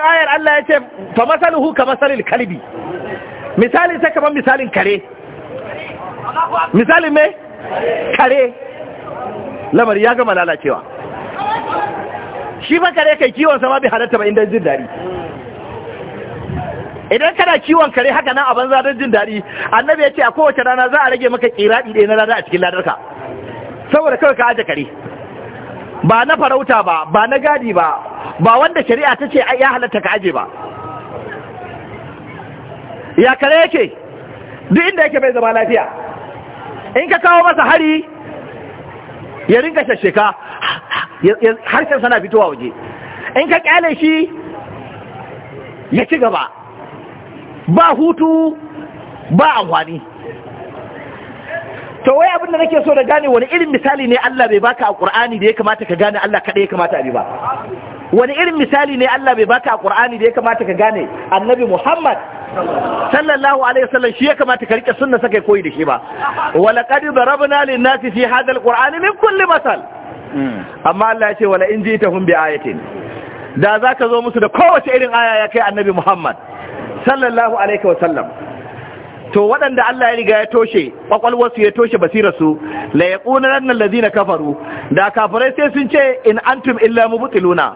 waccan ayar Allah ya ce fa masaluhu ka masalil kalbi misali sai kamar misalin kare misalin me kare lamari ya gama lalacewa shi fa kare kai kiwon sama bi halatta ba inda jin daɗi idan kana kiwon kare haka nan a banza don jin daɗi annabi ya ce a kowace rana za a rage maka kiraɗi ɗaya na rana a cikin ladarka saboda kawai ka aje kare ba na farauta ba ba na gadi ba ba wanda shari'a ta ce ya halatta ka aje ba ya kare yake duk inda yake bai zama lafiya in ka kawo masa hari ya ringa shasheka harshen sana fitowa waje in ka kyale shi ya ci gaba ba hutu ba amfani to wai abin da nake so da gane wani irin misali ne Allah bai baka a Qur'ani da ya kamata ka gane Allah kada ya kamata a bi ba wani irin misali ne Allah bai baka a Qur'ani da ya kamata ka gane Annabi Muhammad sallallahu alaihi wasallam shi ya kamata ka rike sunna sakai koyi da shi ba wala qad darabna lin nasi fi hadha alqur'ani min kulli masal amma Allah ya ce wala in jitahum bi ayatin da zaka zo musu da kowace irin aya ya kai Annabi Muhammad sallallahu alaihi wasallam to waɗanda Allah ya riga ya toshe su ya toshe basirarsu la yaquna annal ladina kafaru da kafirai sai sun ce in antum illa mubtiluna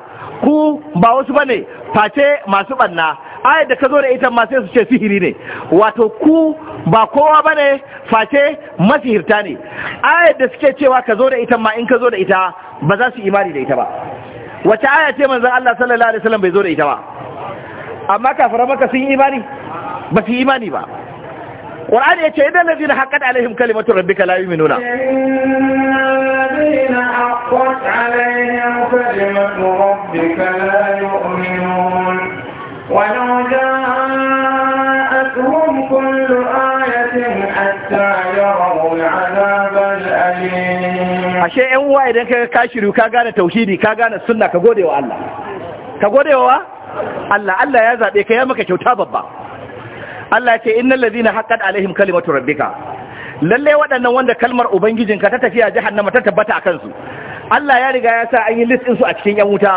ku ba wasu bane face masu banna ayat da kazo da ita ma sai su ce sihiri ne wato ku ba kowa bane face masihirta ne ayat da suke cewa kazo da ita ma in kazo da ita ba za su imani da ita ba wace aya ce manzon Allah sallallahu alaihi wasallam bai zo da ita ba amma kafirai maka sun imani ba su imani ba Qur'ani yace idan ladina haqqat alaihim kalimatu da la yu'minuna ولو جاءتهم كل آية ashe 'yan uwa idan ka kashiru ka gane tauhidi ka gane sunna ka gode wa Allah ka gode wa Allah Allah ya zaɓe ka ya maka kyauta babba Allah ce innal ladina haqqat alaihim kalimatu rabbika lalle waɗannan wanda kalmar ubangijinka ta tafiya jahannama ta tabbata akan su Allah ya riga ya sa an yi list su a cikin yan wuta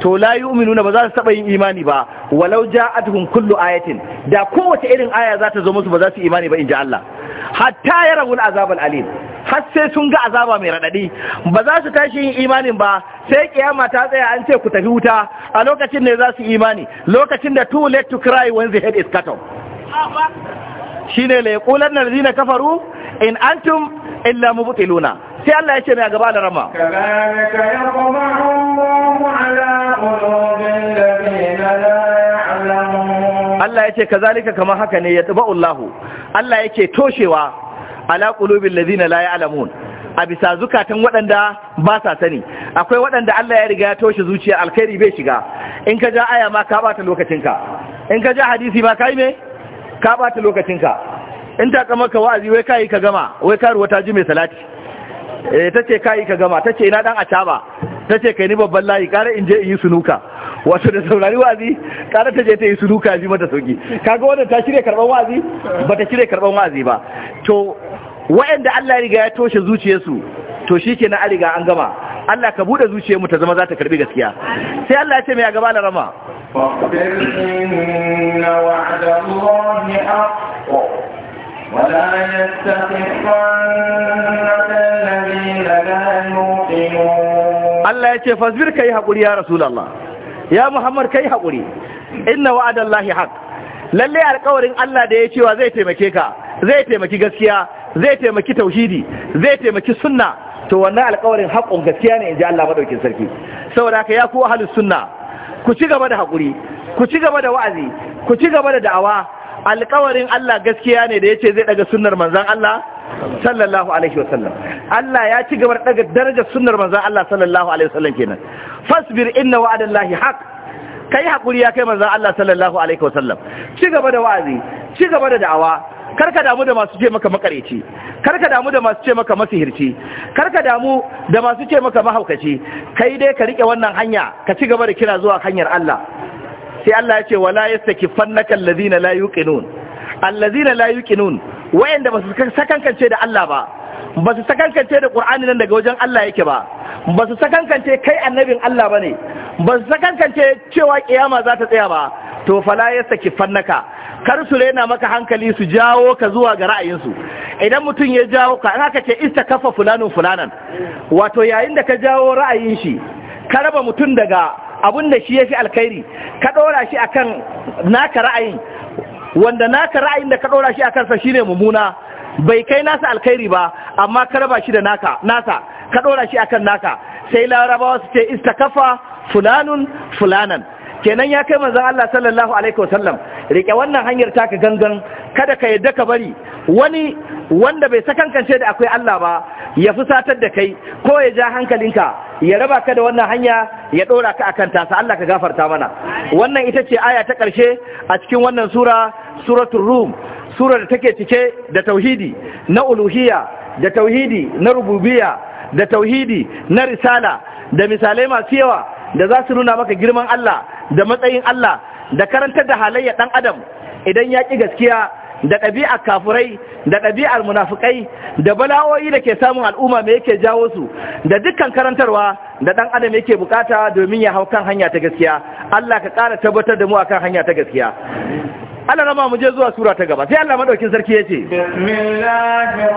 to la yu'minuna ba za su taba yin imani ba walau ja'atuhum kullu ayatin da kowace irin aya za ta zo musu ba za su imani ba inji Allah hatta yarawul azabal alim har sai sun ga azaba mai raɗaɗi ba za su tashi yin imanin ba sai kiyama ta tsaya an ce ku tafi wuta a lokacin ne za su imani lokacin da too late to cry when the head is cut off Shi shine la na zina kafaru in antum illa luna." sai Allah ya ce mai gaba da rama Allah ya ce kazalika kama haka ne ya tabu Allah Allah ce toshewa ala qulubil ladina la ya'lamun a bisa zukatan waɗanda ba sa sani akwai waɗanda Allah ya riga ya toshe zuciya alkhairi bai shiga in ka ja aya ma ka bata lokacinka in ka ja hadisi ma kai me ka bata lokacinka in ta kama ka wa'azi wai kai ka gama wai ruwa ta ji mai salati eh tace kai ka gama tace ina dan acaba ta ce kai ni babban layi kare in je in yi sunuka wato da saurari wazi kare ta je ta yi sunuka ji mata sauki kaga wannan ta shirya karban wazi ba ta shirya karban wazi ba to waɗanda Allah ya riga ya toshe zuciyarsu to shikenan an riga an gama Allah ka bude zuciyarmu ta zama za ta karbi gaskiya sai Allah ya ce mai gaba larama فاصبر إن ولا يستخفنك الذين لا يوقنون الله ya فاصبر كي حقري يا رسول الله يا محمد كي حقري إن وعد الله حق lalle alƙawarin Allah da ya cewa zai taimake ka zai taimaki gaskiya zai taimaki tauhidi zai taimaki sunna to wannan alƙawarin haƙun gaskiya ne inji Allah madaukin sarki saboda haka ya ku ahlus sunna ku ci gaba da haƙuri ku ci gaba da wa'azi ku ci gaba da da'awa alkawarin Allah gaskiya ne da ya ce zai daga sunnar manzan Allah sallallahu alaihi wasallam Allah ya ci gaba daga darajar sunnar manzan Allah sallallahu alaihi wasallam kenan fasbir inna wa'adallahi haq kai hakuri ya kai manzan Allah sallallahu alaihi wasallam ci gaba da wa'azi ci gaba da da'awa karka damu da masu ce maka makareci karka damu da masu ce maka masihirci karka damu da masu ce maka mahaukaci kai dai ka rike wannan hanya ka ci gaba da kira zuwa hanyar Allah sai Allah ya ce wala fannaka allazina la yuqinun allazina la yuqinun wayanda basu sakankance da Allah ba basu sakankance da Qur'ani nan daga wajen Allah yake ba basu sakankance kai annabin Allah bane basu sakankance cewa kiyama za ta tsaya ba to fala fannaka kar su rena maka hankali su jawo ka zuwa ga su. idan mutum ya jawo ka haka ce kafa fulanin fulanan wato yayin da ka jawo ra'ayin shi ka raba mutum daga abin da shi ya fi alkhairi ka ɗora shi akan naka ra'ayin wanda naka ra'ayin da ka ɗora shi a kansa shi ne mummuna bai kai nasa alkhairi ba amma ka raba shi da naka nasa ka ɗora shi akan naka sai larabawa su ce istakafa fulanun fulanan kenan ya kai manzan Allah sallallahu alaihi wasallam rike wannan hanyar taka gangan kada ka yadda ka bari wani wanda bai sakankance da akwai Allah ba ya fusatar da kai ko ya ja hankalinka ya raba ka da wannan hanya ya dora ka akan tasa Allah ka gafarta mana wannan ita ce aya ta karshe a cikin wannan sura suratul rum sura da take cike da tauhidi na uluhiyya da tauhidi na rububiyya da tauhidi na risala da misalai masu yawa da za su nuna maka girman Allah da matsayin Allah da karantar da halayya ɗan adam idan ya ƙi gaskiya da ɗabi'ar kafurai da ɗabi'ar munafukai da bala'o'i da ke samun al'umma mai yake jawo su da dukkan karantarwa da ɗan adam yake bukata domin ya hau kan hanya ta gaskiya Allah ka ƙara tabbatar da mu akan hanya ta gaskiya Allah rama mu je zuwa sura ta gaba sai Allah madaukin sarki yace bismillahir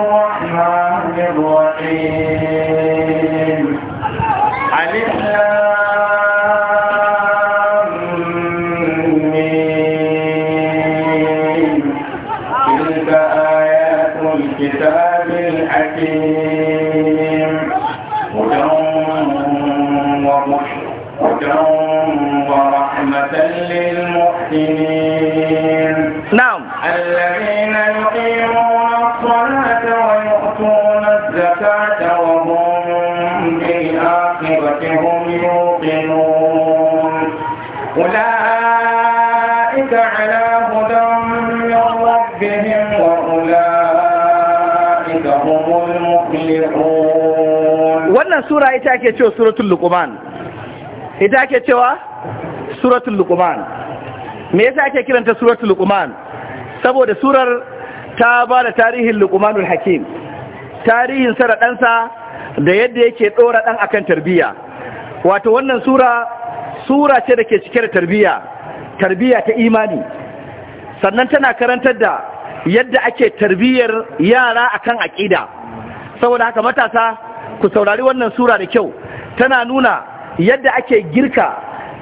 sura ita ake cewa suratul luqman ita ake cewa suratul luqman me yasa ake kiranta suratul luqman saboda surar ta ba da tarihin luqmanul hakim tarihin sara ɗansa da yadda yake ɗora ɗan akan tarbiya wato wannan sura sura ce da ke cike da tarbiyya tarbiyya ta imani sannan tana karantar da yadda ake tarbiyar yara akan aƙida saboda haka matasa ku saurari wannan sura da kyau tana nuna yadda ake girka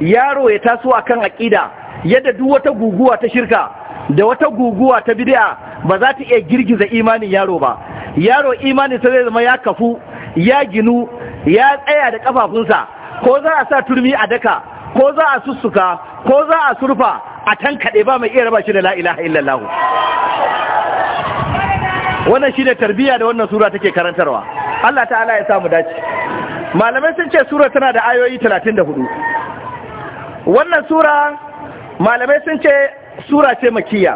yaro ya taso a kan aƙida yadda duk wata guguwa ta shirka da wata guguwa ta bid'a ba za ta iya girgiza imanin yaro ba yaro imanin sa zai zama ya kafu ya ginu ya tsaya da kafafunsa ko za a sa turmi a daka ko za a sussuka ko za a surfa a tankaɗe ba mai iya raba shi da la'ilaha illallahu wannan shi ne tarbiyya da wannan sura take karantarwa Allah ta'ala ya samu dace malamai sun ce sura tana da ayoyi 34 wannan sura malamai sun ce sura ce makiya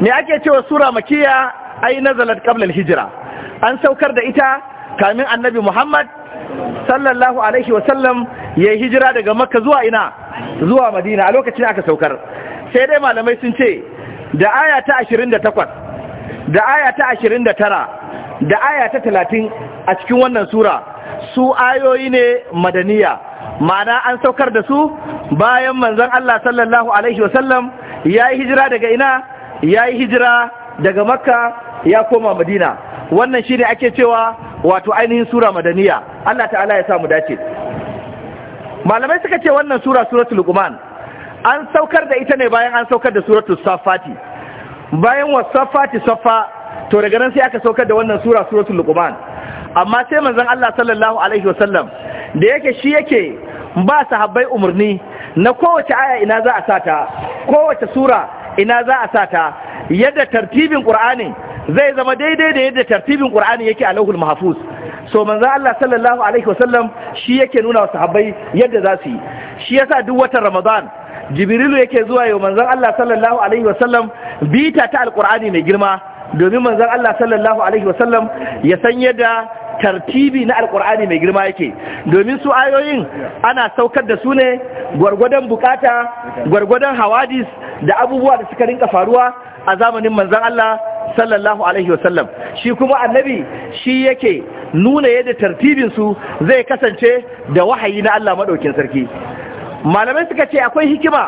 me ake cewa sura makiya ai nazalat qabla al-hijra an saukar da ita kamin annabi Muhammad sallallahu alaihi wa sallam, ya hijira daga makka zuwa ina zuwa madina a lokacin aka saukar sai dai malamai sun ce da aya ta 28 da aya ta 29 da aya ta 30 a cikin wannan sura su ayoyi ne madaniya ma'ana an saukar da su bayan manzon Allah sallallahu alaihi wasallam yayi hijira daga ina yayi hijira daga makka ya koma madina wannan shine ake cewa wato ainihin sura madaniya Allah ta'ala ya samu dace malamai suka ce wannan sura suratul luqman an saukar da ita ne bayan an saukar da suratul safati bayan wasafati safa to daga nan sai aka saukar da wannan sura suratul luqman amma sai manzon Allah sallallahu alaihi wasallam da yake shi yake ba sahabbai umarni na kowace aya ina za a sata kowace sura ina za a sata yadda tartibin qur'ani zai zama daidai da yadda tartibin qur'ani yake a lauhul mahfuz so manzo Allah sallallahu alaihi wasallam shi yake nuna wa sahabbai yadda za su yi shi yasa duk watan Ramadan jibrilu yake zuwa yau manzon Allah sallallahu alaihi wasallam bita ta alqur'ani mai girma domin manzon Allah sallallahu alaihi wasallam ya san yadda tartibi na alkur'ani mai girma yake domin su ayoyin ana saukar da su ne gwargwadon bukata gwargwadon hawadis da abubuwa da suka rinka faruwa a zamanin manzon Allah sallallahu alaihi wasallam shi kuma annabi shi yake nuna yadda tartibinsu zai kasance da wahayi na Allah madaukin sarki malamai suka ce akwai hikima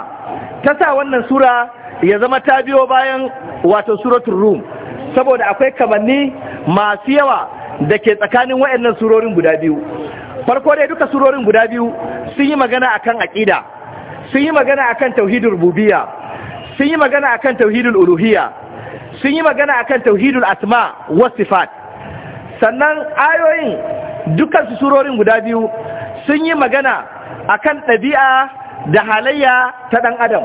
ta sa wannan sura ya zama ta biyo bayan wato suratul rum saboda akwai kamanni masu yawa da ke tsakanin waɗannan surorin guda biyu farko dai duka surorin guda biyu sun yi magana akan aƙida, sun yi magana akan tauhidul rububiyya sun yi magana akan tauhidul uluhiyya sun yi magana akan tauhidul asma wa sifat sannan ayoyin dukkan surorin guda biyu sun yi magana akan ɗabi'a da halayya ta ɗan adam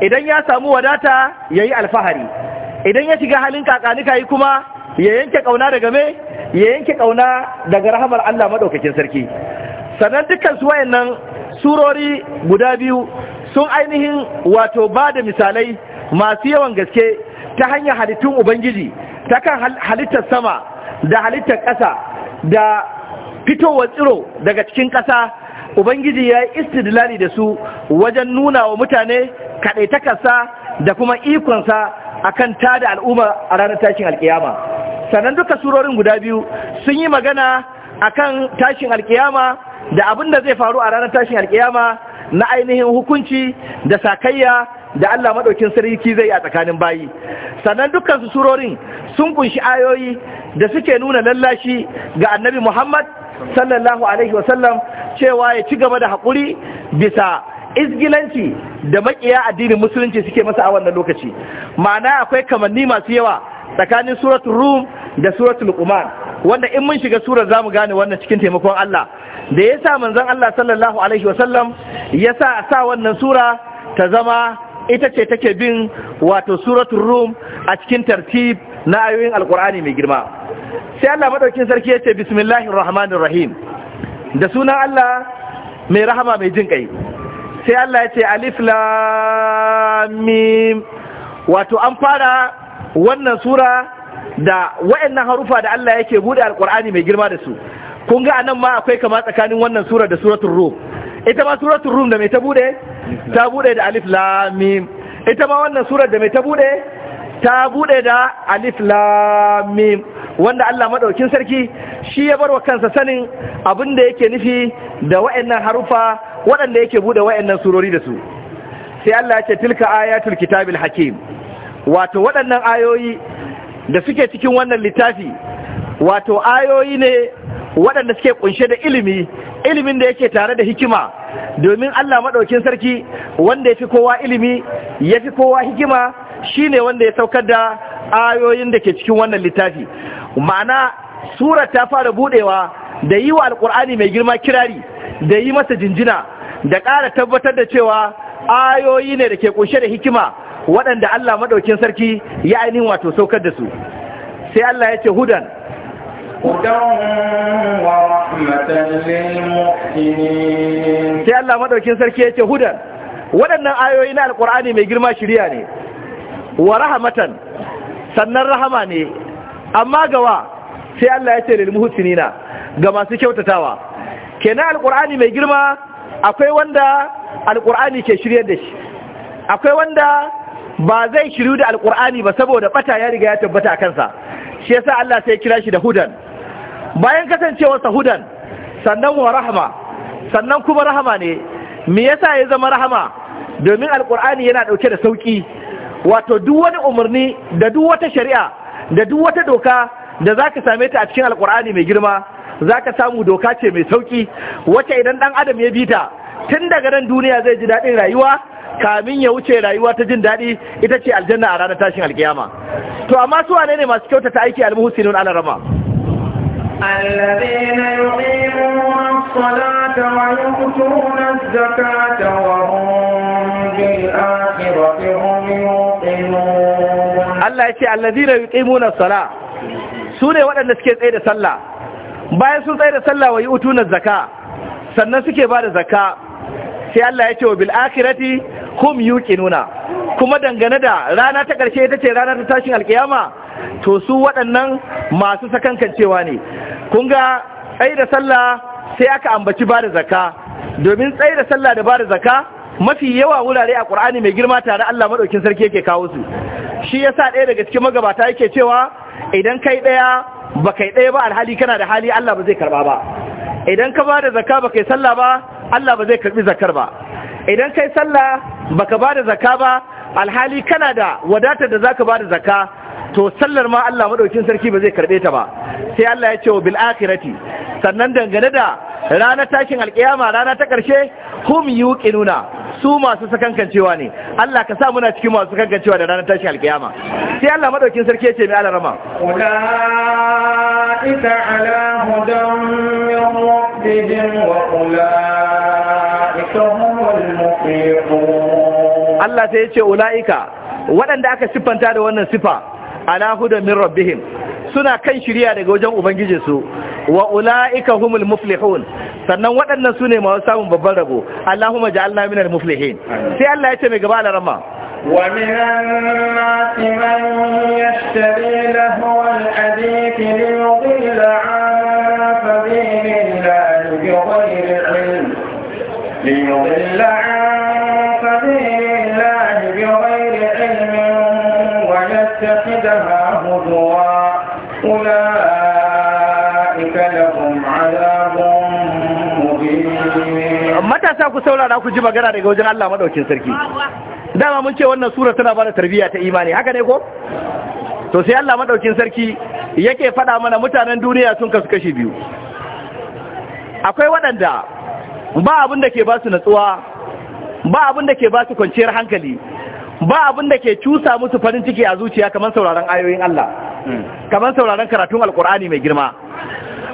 idan ya samu wadata ya yi alfahari idan ya shiga halin kakanika yi kuma ya yanke ƙauna daga me ya yanke ƙauna daga rahamar Allah maɗaukakin sarki sannan dukkan su wayannan surori guda biyu sun ainihin wato ba da misalai masu yawan gaske ta hanyar halittun ubangiji ta kan halittar sama da halittar ƙasa da fitowar tsiro daga cikin ƙasa ubangiji ya yi istidlali da su wajen nuna wa mutane kaɗaitakarsa da kuma ikonsa a kan tada al'umma a ranar tashin alkiyama sannan duka surorin guda biyu sun yi magana a kan tashin alkiyama da abin da zai faru a ranar tashin alkiyama na ainihin hukunci da sakayya da Allah maɗaukin sarki zai a tsakanin bayi sannan dukansu surorin sun ƙunshi ayoyi da suke nuna lallashi ga annabi Muhammad sallallahu alaihi wasallam cewa ya ci gaba da haƙuri bisa izgilanci da makiya addinin musulunci suke masa a wannan lokaci ma'ana akwai kamanni masu yawa tsakanin suratul rum da suratul qumar wanda in mun shiga surar zamu gane wannan cikin taimakon Allah da yasa manzon Allah sallallahu alaihi wasallam yasa sa wannan sura ta zama ita ce take bin wato suratul rum a cikin tartib na ayoyin alkur'ani mai girma sai Allah madaukin sarki yace ce bismillahir rahmanir rahim da sunan Allah mai rahama mai jin kai sai Allah ya ce alif lam mim wato an fara wannan sura da wayannan harufa da Allah yake bude alkur'ani mai girma da su kun ga anan ma akwai kama tsakanin wannan sura da suratul rum ita ma suratul rum da mai ta bude ta bude da alif lam mim ita ma wannan sura da mai ta bude ta bude da alif wanda Allah madaukin sarki shi ya barwa kansa sanin abin da yake nufi da wa'annan harufa waɗanda yake bude wayannan surori da su sai Allah ya ce tilka ayatul kitabil hakim wato waɗannan ayoyi da suke cikin wannan littafi wato ayoyi ne waɗanda suke kunshe da ilimi ilimin da yake tare da hikima domin Allah maɗaukin sarki wanda ya fi kowa ilimi ya fi kowa hikima Shi ne wanda ya saukar da ayoyin da ke cikin wannan littafi ma'ana sura ta fara budewa da yi wa alkur'ani mai girma kirari da yi masa jinjina da ƙara tabbatar da cewa ayoyi ne da ke kunshe da hikima waɗanda Allah maɗaukin sarki ya ainihin wato saukar da su sai Allah ya ce hudan sai Allah maɗaukin sarki ya hudan waɗannan ayoyi na alƙur'ani mai girma shirya ne wa rahmatan sannan rahama ne amma gawa sai Allah ya ce lil muhsinina ga masu kyautatawa kenan alqur'ani mai girma akwai wanda alqur'ani ke shiryar da shi akwai wanda ba zai shiryu da alqur'ani ba saboda bata ya riga ya tabbata a kansa shi yasa Allah sai kira shi da hudan bayan kasancewarsa hudan sannan wa rahama sannan kuma rahama ne me yasa ya zama rahama domin alqur'ani yana dauke da sauki wato duk wani umarni da duk wata shari'a da duk wata doka da za ka same ta a cikin alkur'ani mai girma za ka samu doka ce mai sauki wacce idan ɗan adam ya bi ta tun daga nan duniya zai ji daɗin rayuwa kamin ya wuce rayuwa ta jin daɗi ita ce aljanna a ranar tashin alkiyama to amma su wane ne masu kyautata aiki almuhusinun alarama الذين يقيمون الصلاة ويؤتون الزكاة وهم بالآخرة هم يوقنون الله يشيء الذين يقيمون الصلاة سورة وأن نسكت أيدي صلاة bayan sun tsaye da sallah wa yi utuna zaka sannan suke ba da zaka sai Allah ya ce wa bil'akirati hum nuna, kuma dangane da rana ta ƙarshe ita ce rana ta tashin alkiyama to su waɗannan masu sakankancewa ne kun ga tsaye da sallah sai aka ambaci ba da zaka domin tsaye da sallah da ba da zaka mafi yawa wurare a ƙur'ani mai girma tare Allah maɗaukin sarki yake kawo su shi ya sa ɗaya daga cikin magabata yake cewa idan kai ɗaya ba kai ɗaya ba alhali kana da hali Allah ba zai karɓa ba idan ka ba da zaka ba kai sallah ba Allah ba zai karɓi zakar ba idan kai sallah baka bada zakka ba alhali kana da wadatar da zaka bada zakka to sallar ma Allah madaukin sarki ba zai karbe ta ba sai Allah ya ce wa bil akhirati sannan dangane da ranar tashin alkiyama rana ta karshe hum yuqinuna su masu sakankancewa ne Allah ka sa muna cikin masu sakankancewa da ranar tashin alkiyama sai Allah madaukin sarki ya ce mai alarama ita ala hudan min rabbihim wa ulaika ikum Allah sai ya ce ula'ika waɗanda aka siffanta da wannan sifa ala hudan min rabbihim suna kan shirya daga wajen su, wa ula'ika humul muflihun sannan waɗannan su ne masu samun babban rabo Allahumma ja'alna minal muflihin sai Allah ya ce mai gaba alarama wa minan nasi man yashtari lahu al-hadith li yudilla an sabilillahi ilm ليضل عن سبيل الله بغير علم ويتخذها هدوا أولئك لهم عذاب matasa ku saurara ku ji magana daga wajen Allah madaukin sarki dama mun ce wannan sura tana bada tarbiyya ta imani haka ne ko to sai Allah madaukin sarki yake faɗa mana mutanen duniya sun kasu kashi biyu akwai waɗanda ba abin da ke ba su natsuwa ba abin da ke ba su kwanciyar hankali ba abin da ke cusa musu farin ciki a zuciya kamar sauraron ayoyin Allah kamar sauraron karatun alkur'ani mai girma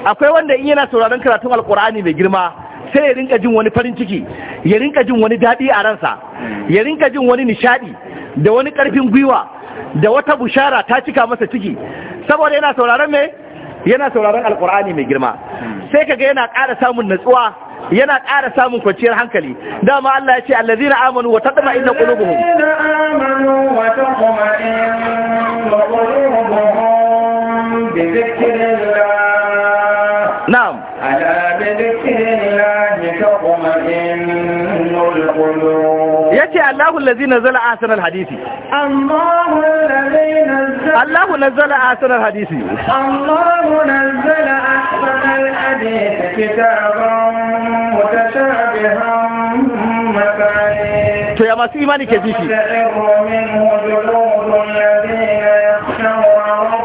akwai wanda in yana sauraron karatun alkur'ani mai girma sai ya rinka jin wani farin ciki ya rinka jin wani daɗi a ransa ya rinka jin wani nishaɗi da wani ƙarfin gwiwa da wata bushara ta cika masa ciki saboda yana sauraron mai yana sauraron alkur'ani mai girma sai kaga yana ƙara samun natsuwa yana ƙara samun kwanciyar hankali dama Allah ya ce allazina amanu wa tatma'innu qulubuhum amanu wata tatma'innu qulubuhum bi dhikrillah na'am ala bi dhikrillah الله الذي نزل احسن الحديث الله الذي نزل الله نزل احسن الحديث الله نزل احسن الحديث كتابا متشابها مثاني يا ماسي ايمانك يا زيكي منه جلود الذين يخشون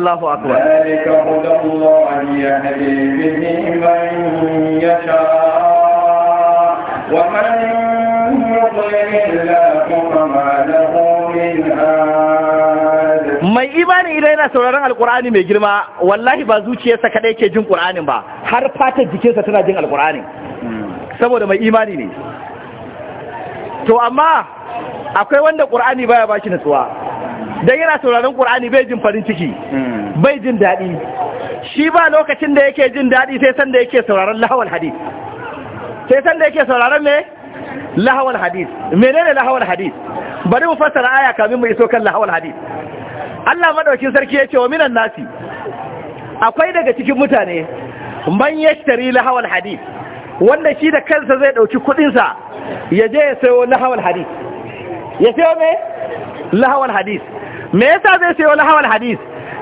mai imani idan yana sauraron alkur'ani mai girma wallahi ba zuciyarsa kadai ke jin qur'anin ba har fatar jikinsa tana jin alkur'ani saboda mai imani ne to amma akwai wanda qur'ani baya bashi nutsuwa dan yana sauraron Qur'ani bai jin farin ciki hmm. bai jin daɗi shi ba lokacin da yake jin daɗi sai sanda yake sauraron lahawal hadith sai sanda yake sauraron me lahawal hadith menene lahawal hadith bari mu fassara aya kamin mu iso kan lahawal hadith Allah madaukin sarki yace wa minan nasi akwai daga cikin mutane man yashtari lahawal hadith wanda shi da kansa zai ɗauki kudin ya je ya sayo lahawal hadith ya sayo me lahawal hadith me yasa zai sayo lahawal hadis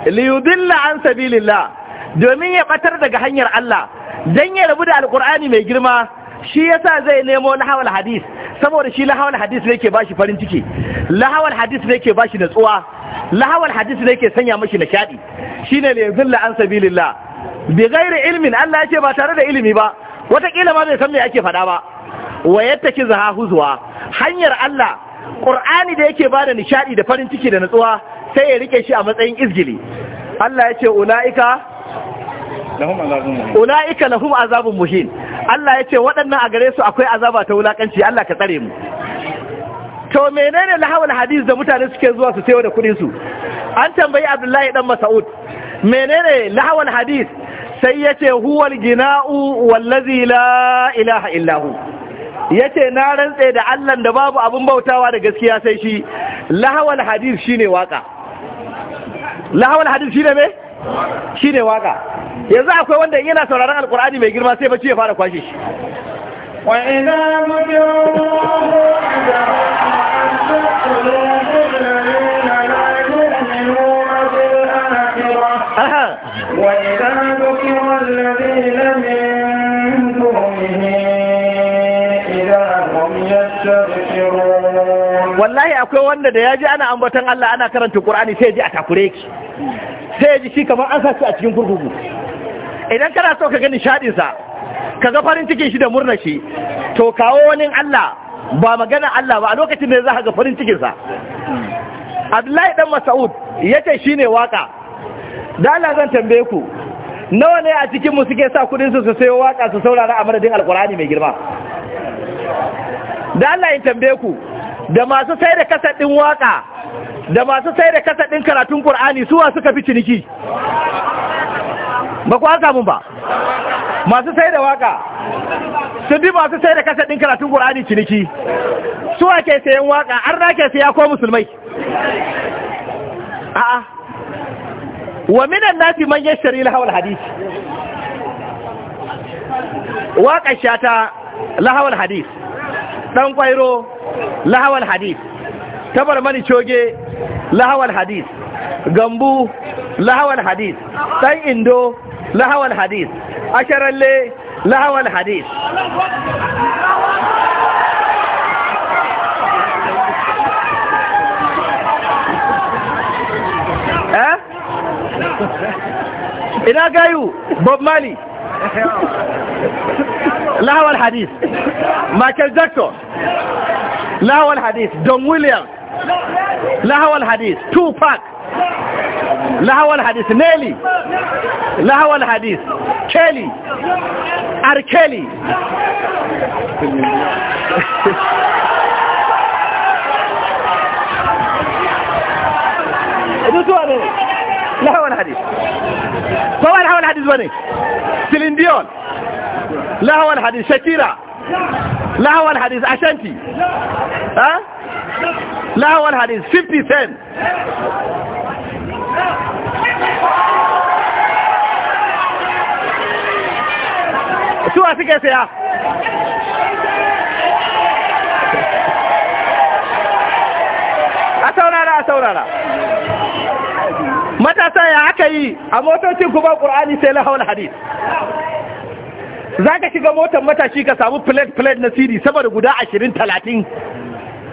yudilla an sabilillah domin ya batar daga hanyar Allah dan ya rabu da alqur'ani mai girma shi yasa zai nemo lahawal hadis saboda shi lahawal hadis ne ke bashi farin ciki lahawal hadis ne ke bashi natsuwa lahawal hadis ne ke sanya mashi nishadi shine yudilla an sabilillah bi ghairi ilmin Allah ya ce ba tare da ilimi ba watakila ma bai san me ake faɗa ba wa zahahu zuwa hanyar Allah Qur'ani da yake bada nishadi da farin ciki da natsuwa sai ya rike shi a matsayin izgili Allah ya ce ulaika lahum azabun muhin Allah ya ce waɗannan a gare su akwai azaba ta wulaƙanci Allah ka tsare mu to menene lahawal hadis da mutane suke zuwa su sayo da kuɗin su an tambayi Abdullahi dan Mas'ud menene lahawal hadis sai yace, huwal gina'u wallazi la ilaha illahu ya ce na rantse da allan da babu abin bautawa da gaskiya sai shi lahawal hadis shi ne waka lahawal hadis shi ne me? shi ne waka yanzu akwai wanda yana sauraron alkur'ani mai girma sai bacci ya fara kwashe shi وإذا ذكروا wallahi akwai wanda da ya ji ana ambaton Allah ana karanta Qur'ani sai ji a takure ki sai ji shi kamar an saki a cikin kurkuku idan kana so ka ga nishadin sa ka ga farin cikin shi da murna shi to kawo wani Allah ba magana Allah ba a lokacin da za ka ga farin cikin sa Abdullahi dan Mas'ud yace shine waka da Allah zan tambaye ku nawa ne a cikin mu suke sa kudin su su sayo waka su saurara a madadin alkurani mai girma da Allah ya tambaye ku da masu sai da kasadin waka da masu sai da kasadin karatun Qur'ani suwa suka fi ciniki ba ku haka mun ba masu sai da waka sun bi masu sai da kasadin karatun Qur'ani ciniki suwa ke sayan waka an rake saya ko musulmai a'a wa minan nasi man yashtari lahawal hadith waka shata lahawar hadis ɗan kwairo lahawal hadis tabar mani coge lahawal hadis gambu lahawal hadis ɗan indo lahawal hadis asharalle lahawal hadis eh? ina gayu bob mali لا هو الحديث مايكل جاكسون هو الحديث دون ويليام هو الحديث تو باك هو الحديث نيلي هو الحديث كيلي اركيلي هو الحديث طبعا هو الحديث بني سلنديون lahawar hadis shakira lahawar hadis ashanti ha lahawar hadis 50 cent suwa suke saya a saurara a saurara matasa ya aka yi a motocin kuma ƙur'ani sai lahawar hadis za ka shiga motar matashi ka samu plate-plate na siri sama da guda ashirin talatin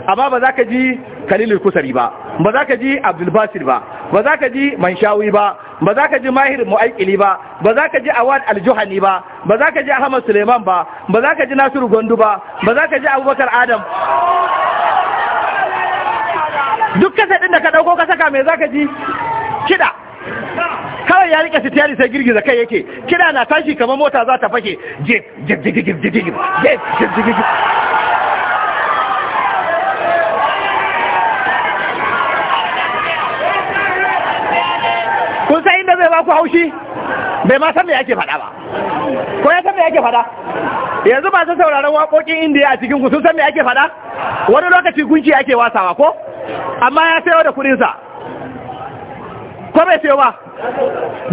amma ba za ka ji kalilin kusari ba ba za ka ji abdulbasir ba ba za ka ji manshawi ba ba za ka ji mahir mu'aikili ba ba za ka ji awad aljuhani ba ba za ka ji ahmad suleiman ba ba za ka ji nasiru gondu ba ba za ka ji abubakar adam duk kasa ɗin da ka ɗauko ka saka mai za ka ji kiɗa kawai ya rike sitiyari sai girgiza kai yake kira na tashi kamar mota za ta fashe kun sai inda zai ba ku haushi bai ma san me yake faɗa ba ko ya san me yake faɗa yanzu ba san sauraron waƙoƙin indiya a cikin ku sun san me yake faɗa wani lokaci gunki ake wasawa ko amma ya sayo da kuɗinsa ko bai sayo ba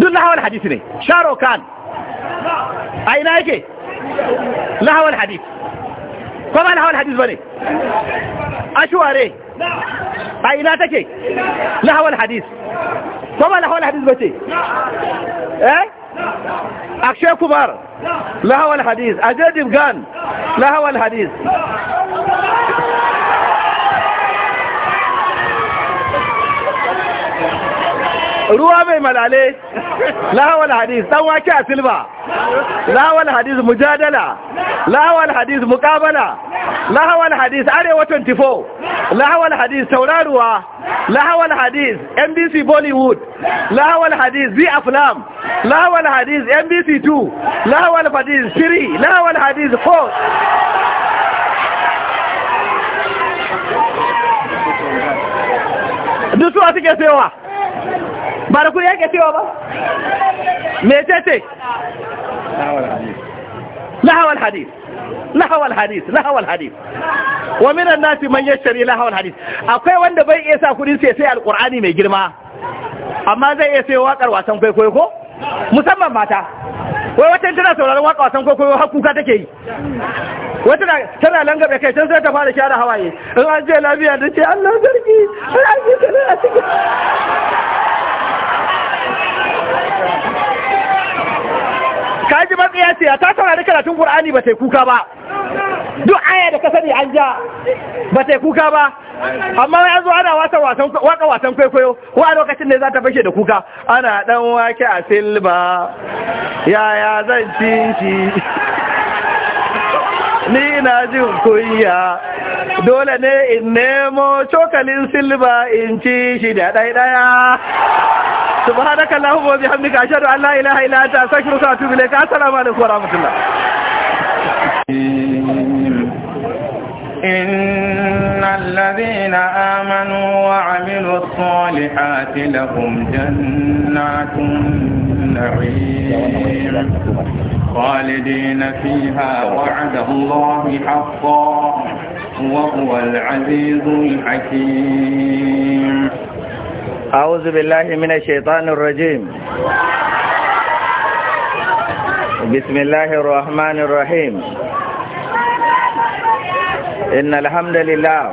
duk lahawar hadisi ne sharo kan a ina yake lahawar hadisi ko ba lahawar hadisi ba ne ashuware a ina take lahawar hadisi ko ba lahawar hadisi ba ce eh akshe kubar lahawar hadisi a jadib gan lahawar hadisi ruwa mai malale lahawal hadis dan wake a silba lahawal hadis mujadala lahawal hadis muqabala lahawal hadis arewa 24 lahawal hadis tauraruwa lahawal hadis NBC Bollywood lahawal hadis Z Aflam lahawal hadis NBC 2 lahawal hadis 3 lahawal hadis 4 duk suwa suke sayowa ba da kudi yake cewa ba me ce ce lahawal hadith lahawal hadith lahawal hadith wa minan nasi man yashtari lahawal hadith akwai wanda bai iya sa kudin sai sai alqur'ani mai girma amma zai iya sai wakar wasan kwaikwayo ko musamman mata wai wata tana sauraron wakar wasan kwaikwayo har kuka take yi wata tana langabe kai can sai ta fara kyara hawaye in an je lafiya da ce Allah sarki Allah sarki Kaji ji matsaya ce ta saurari karatun Kur'ani ba ta kuka ba duk aya da ka sani an ja ba ta kuka ba amma ya zo ana waka wasan kwaikwayo ko a lokacin da za ta fashe da kuka ana dan wake a silba yaya zan cin ni ina jin kunya dole ne in nemo cokalin silba in ci shi da ɗaiɗaya subhanaka allahumma wa bihamdika ashhadu an la ilaha illa anta astaghfiruka wa atubu ilayk assalamu alaikum wa rahmatullah الصالحات لهم جنات النعيم خالدين فيها وعد الله حقا وهو العزيز الحكيم أعوذ بالله من الشيطان الرجيم بسم الله الرحمن الرحيم إن الحمد لله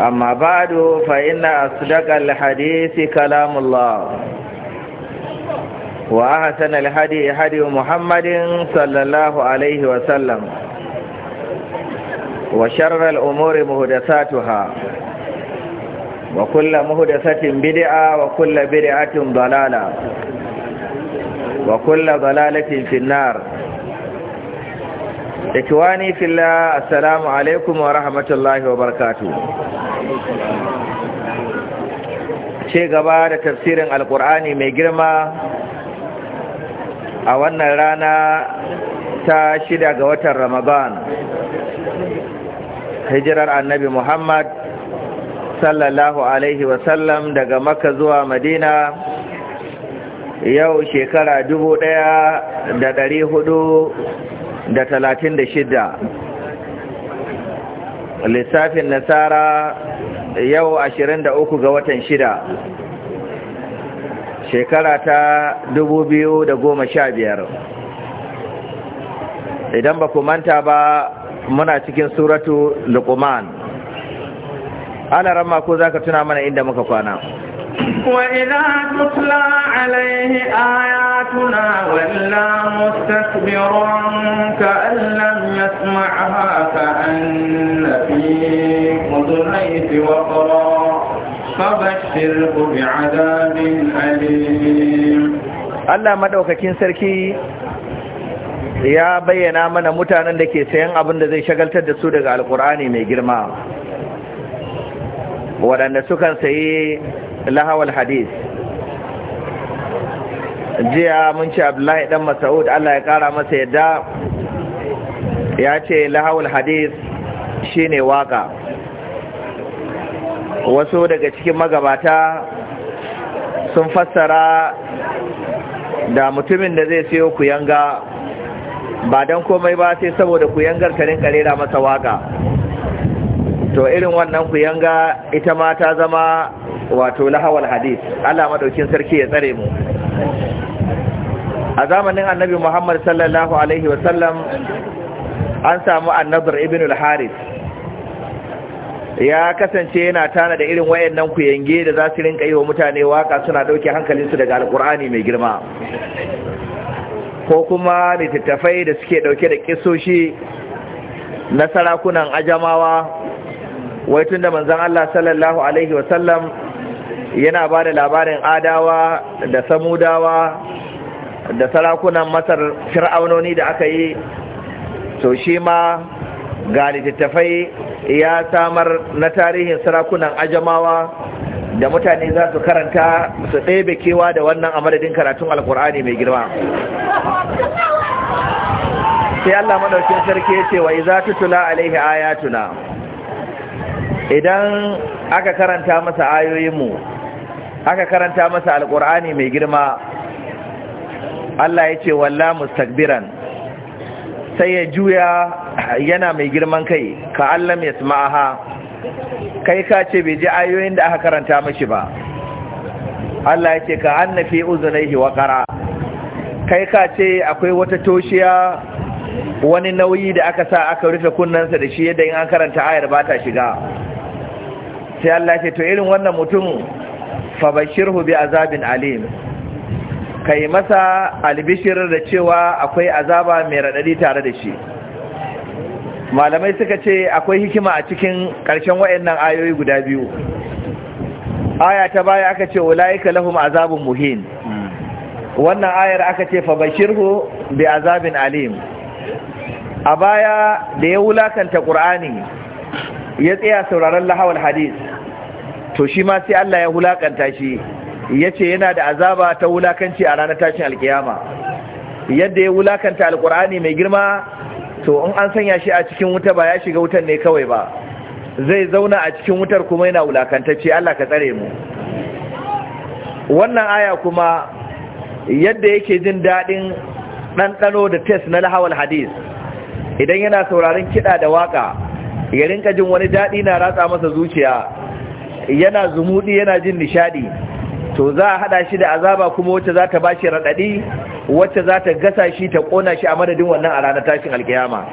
أما بعد فإن أصدق الحديث كلام الله وأحسن الهدي هدي محمد صلى الله عليه وسلم وشر الأمور مهدساتها وكل مهدسة بدعة وكل بدعة ضلالة وكل ضلالة في النار ikwani filla assalamu alaikum wa rahmatullahi wa barakatu ce gaba da tafsirin alkur'ani mai girma a wannan rana ta shida ga watan ramadan hijirar annabi muhammad sallallahu alaihi wasallam daga makka zuwa madina yau shekara dubu ɗaya da ɗari hudu da talatin da shida lissafin nasara yau ashirin da uku ga watan shida shekara ta dubu biyu da goma sha biyar idan ba ku manta ba muna cikin suratu lukuman ana ramma ko za ka tuna mana inda muka kwana وإذا aya عليه آياتنا ولا مستكبرا Allah Madaukakin Sarki ya bayyana mana mutanen da ke sayan abin da zai shagaltar da su daga alkur'ani mai girma waɗanda sukan saye. lahawar hadis jiya mun ce abdullahi dan masaud Allah ya kara masa yadda ya ce lahawal hadis shine waka wasu daga cikin magabata sun fassara da mutumin da zai siyo kuyanga ba don komai ba sai saboda kuyangar karin karera masa waka to irin wannan kuyanga ita ma ta zama wato lahawal hadis Allah madaukin sarki ya tsare mu a zamanin annabi Muhammad sallallahu alaihi wasallam an samu annabir ibn al-harith ya kasance yana tana da irin wayannan kuyenge da za su rinka yi wa mutane waka suna dauke hankalinsu daga alkur'ani mai girma ko kuma littattafai da suke dauke da kisoshi na sarakunan ajamawa wai tun da manzan Allah sallallahu Alaihi wasallam yana ba da labarin adawa da samudawa da sarakunan masar fir'aunoni da aka yi to shi ma ga littattafai ya samar na tarihin sarakunan ajamawa da mutane za su karanta su ɗebe kewa da wannan a madadin karatun alkur'ani mai girma sai allah madaukin sarki ya ce wa iza tutula alaihi ayatuna idan aka karanta masa ayoyinmu aka karanta masa alkur'ani mai girma Allah ya ce walla mustakbiran sai ya juya yana mai girman kai ka Allah ya sma'aha kai ka ce bai ji ayoyin da aka karanta mashi ba Allah ya ce ka annafi uzunaihi wa kai ka ce akwai wata toshiya wani nauyi da aka sa aka rufe sa da shi yadda in an karanta ayar ba ta shiga sai Allah ce to irin wannan mutum fa bashirhu bi azabin alim kai masa albishir da cewa akwai azaba mai radadi tare da shi malamai suka ce akwai hikima a cikin ƙarshen wayannan ayoyi guda biyu aya ta baya aka ce ulaika lahum azabun muhin hmm. wannan ayar aka ce fa bashirhu bi azabin alim a baya da ya wulakanta ƙur'ani ya tsaya sauraron lahawar hadis to shi ma sai Allah ya wulakanta shi ya ce yana da azaba ta wulakanci a ranar tashin alkiyama yadda ya wulakanta alƙur'ani mai girma to in an sanya shi a cikin wuta ba ya shiga wutan ne kawai ba zai zauna a cikin wutar kuma yana wulakantacce Allah ka tsare mu wannan aya kuma yadda yake jin daɗin ɗanɗano da test na lahawar hadis idan yana sauraron kiɗa da waƙa, ya rinka jin wani daɗi na ratsa masa zuciya yana zumuɗi yana jin nishadi to za a haɗa shi da azaba kuma wacce za ta bashi raɗaɗi wacce za ta gasa shi ta ƙona shi a madadin wannan a ranar tashin alkiyama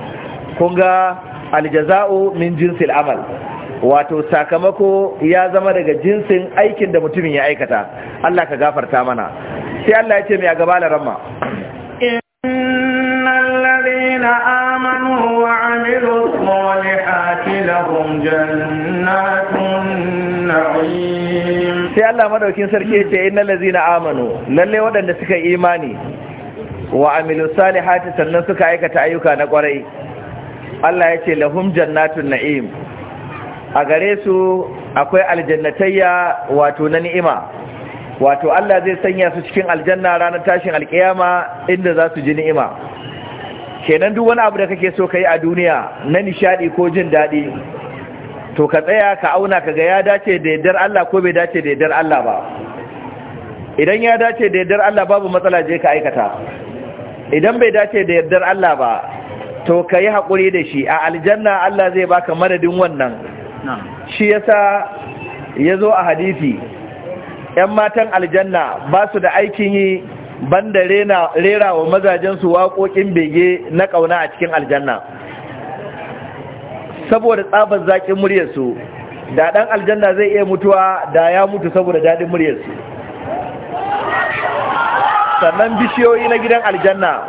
kun ga aljaza'u min jinsil amal wato sakamako ya zama daga jinsin aikin da mutumin ya aikata Allah ka gafarta mana sai Allah ya ce mai a gaba da ramma sai Allah madaukin sarki ya ce innal ladzina amanu lallai waɗanda suka yi imani wa amilu salihati sannan suka aikata ayyuka na kwarai Allah ya ce lahum jannatun na'im a gare su akwai aljannatayya wato na ni'ima wato Allah zai sanya su cikin aljanna ranar tashin alkiyama inda za su ji ni'ima kenan duk wani abu da kake so ka yi a duniya na nishadi ko jin daɗi to ka tsaya ka auna ka ga ya dace da yaddar Allah ko bai dace da yaddar Allah ba idan ya dace da yaddar Allah babu matsala je ka aikata idan bai dace da yardar Allah ba to ka yi haƙuri da shi a aljanna Allah zai baka madadin wannan shi yasa ya zo a hadisi ‘yan matan aljanna ba su da aikin yi banda rena rera wa mazajen su waƙoƙin bege na ƙauna a cikin aljanna saboda tsabar zaƙin muryarsu, su da ɗan aljanna zai iya mutuwa da ya mutu saboda daɗin muryarsu. sannan bishiyoyi na gidan aljanna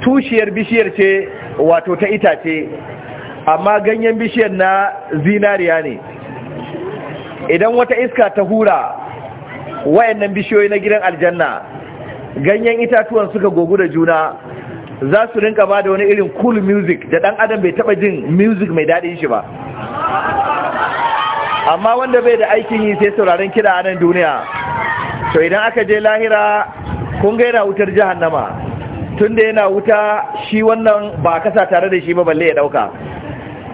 tushiyar bishiyar ce wato ta itace amma ganyen bishiyar na zinariya ne idan wata iska ta hura wayannan bishiyoyi na gidan aljanna ganyen itatuwan suka gogu da juna za su rinka ba da wani irin cool music da dan adam bai taba jin music mai daɗin shi ba amma wanda bai da aikin yi sai sauraron kiɗa a nan duniya to idan aka je lahira kun ga yana wutar jahannama tun da yana wuta shi wannan ba kasa tare da shi ba balle ya ɗauka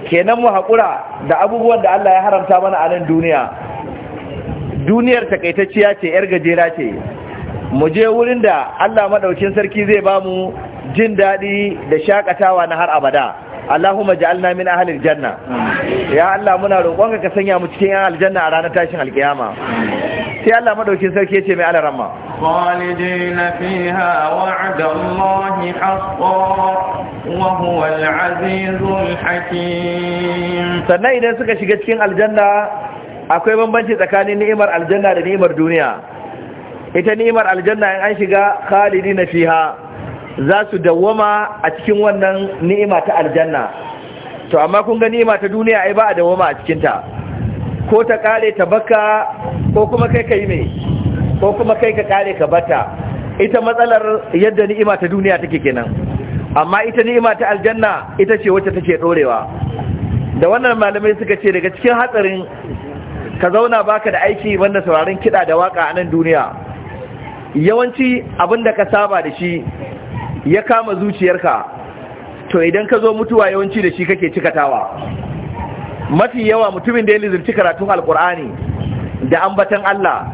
kenan mu haƙura da abubuwan da Allah ya haramta mana a nan duniya duniyar takaitacciya ce yar gajera ce mu je wurin da Allah madaukin sarki zai bamu jin daɗi da shakatawa na har abada Allahumma ja'alna min ahlil janna ya Allah muna roƙonka ka sanya mu cikin yan aljanna a ranar tashin alkiyama sai Allah madaukin sarki ya ce mai alarama qalidina fiha wa'da Allah haqqan al-'azizul hakim sannan idan suka shiga cikin aljanna akwai bambanci tsakanin ni'imar aljanna da ni'imar duniya ita ni'imar aljanna in an shiga khalidina fiha za su dawwama a cikin wannan ni'ima ta aljanna to amma kun ga ni'ima ta duniya ai ba a dawwama a cikin ta ko ta kare ta baka ko kuma kai kai me ko kuma kai ka kare ka bata ita matsalar yadda ni'ima ta duniya take kenan amma ita ni'ima ta aljanna ita ce wacce take dorewa da wannan malamai suka ce daga cikin hatsarin ka zauna baka da aiki wanda sauraron kiɗa da waka a nan duniya yawanci abin da ka saba da shi ya kama zuciyarka to idan ka zo mutuwa yawanci da shi kake cikatawa mafi yawa mutumin da ya lizirci karatun alkur'ani da ambatan Allah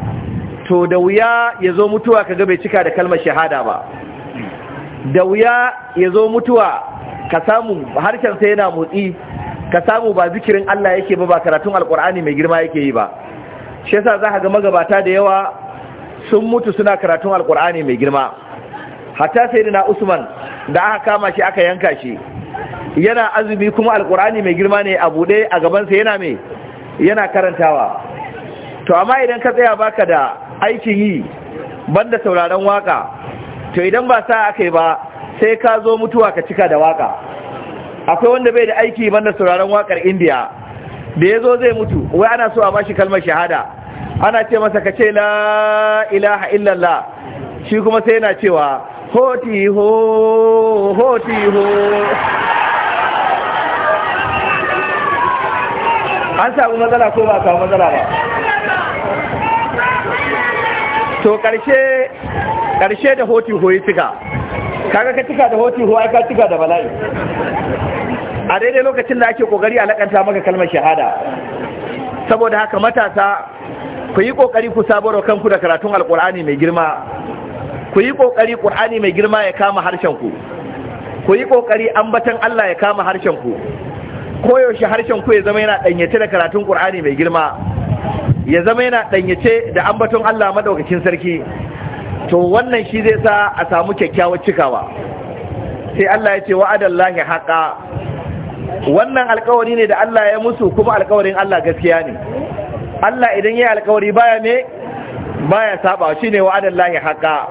to da wuya ya zo mutuwa ka bai cika da kalmar shahada ba da wuya ya zo mutuwa ka samu sai yana motsi ka samu ba zikirin Allah yake ba ba karatun alkur'ani mai girma yake yi ba shi yasa za ka ga magabata da yawa sun mutu suna karatun alkur'ani mai girma hatta sayyidina usman da aka kama shi aka yanka shi yana azumi kuma alkur'ani mai girma ne a buɗe a gabansa yana me yana karantawa to amma idan ka tsaya baka da aikin yi banda sauraron waka to idan ba sa aka yi ba sai ka zo mutuwa ka cika da waka akwai wanda bai da aiki banda sauraron wakar indiya da ya zo zai mutu wai ana so a bashi kalmar shahada ana ce masa ka ce la ilaha illallah shi kuma sai yana cewa hoti ho hoti ho an samu matsala ko ba samu matsala ba to karshe karshe da hoti ho ya cika kaga ka cika da hoti ho ai ka cika da bala'i a daidai lokacin da ake kokari a lakanta maka kalmar shahada saboda haka matasa ku yi kokari ku sabarwa kanku da karatun alkur'ani mai girma ku yi kokari ƙur'ani mai girma ya kama harshen ku ku yi kokari ambaton Allah ya kama harshen ku koyaushe harshen ku ya zama yana danyace da karatun ƙur'ani mai girma ya zama yana danyace da ambaton Allah madaukakin sarki to wannan shi zai sa a samu kyakkyawar cikawa sai Allah ya ce wa'adallahi haqa wannan alkawari ne da Allah ya musu kuma alkawarin Allah gaskiya ne Allah idan ya yi alkawari baya ne baya saba shi ne wa'adan lahi haƙa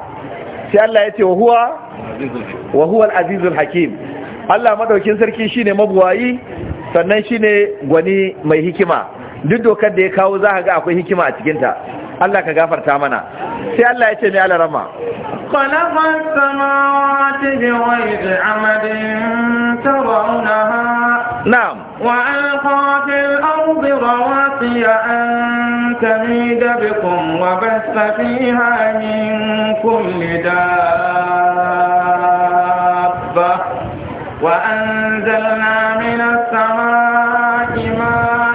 sai Allah ya ce wa huwa al'azizul hakim Allah madaukin sarki shi ne mabuwayi sannan shi ne gwani mai hikima duk dokar da ya kawo za ga akwai hikima a cikinta Allah ka gafarta mana sai Allah ya ce mai alarama Kwanakwan sama wata biyawai da amadin tabauna ha Na'am Wa alfafin arzira wasu ya an tami da bikon wa basta fi hanyin kulle da ba Wa an zalna minar sama ima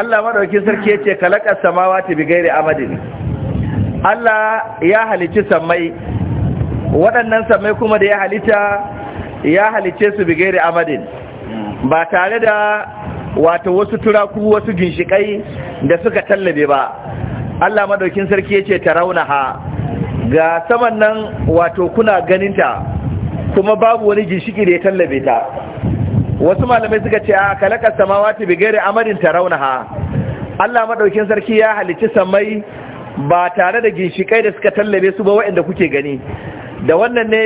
Allah madaukin sarki yace kalaqas samawati gairi amadin Allah ya halici samai waɗannan samai kuma da ya halitta ya halice su gairi amadin ba tare da wato wasu turaku wasu ginshikai da suka tallabe ba Allah madaukin sarki yace ha ga saman nan wato kuna ganinta kuma babu wani ginshiki da ya tallabe ta wasu malamai suka ce a kalakar samawati bigare ta taraunaha Allah maɗaukin sarki ya halicci samai ba tare da ginshikai da suka tallabe su ba waɗanda kuke gani da wannan ne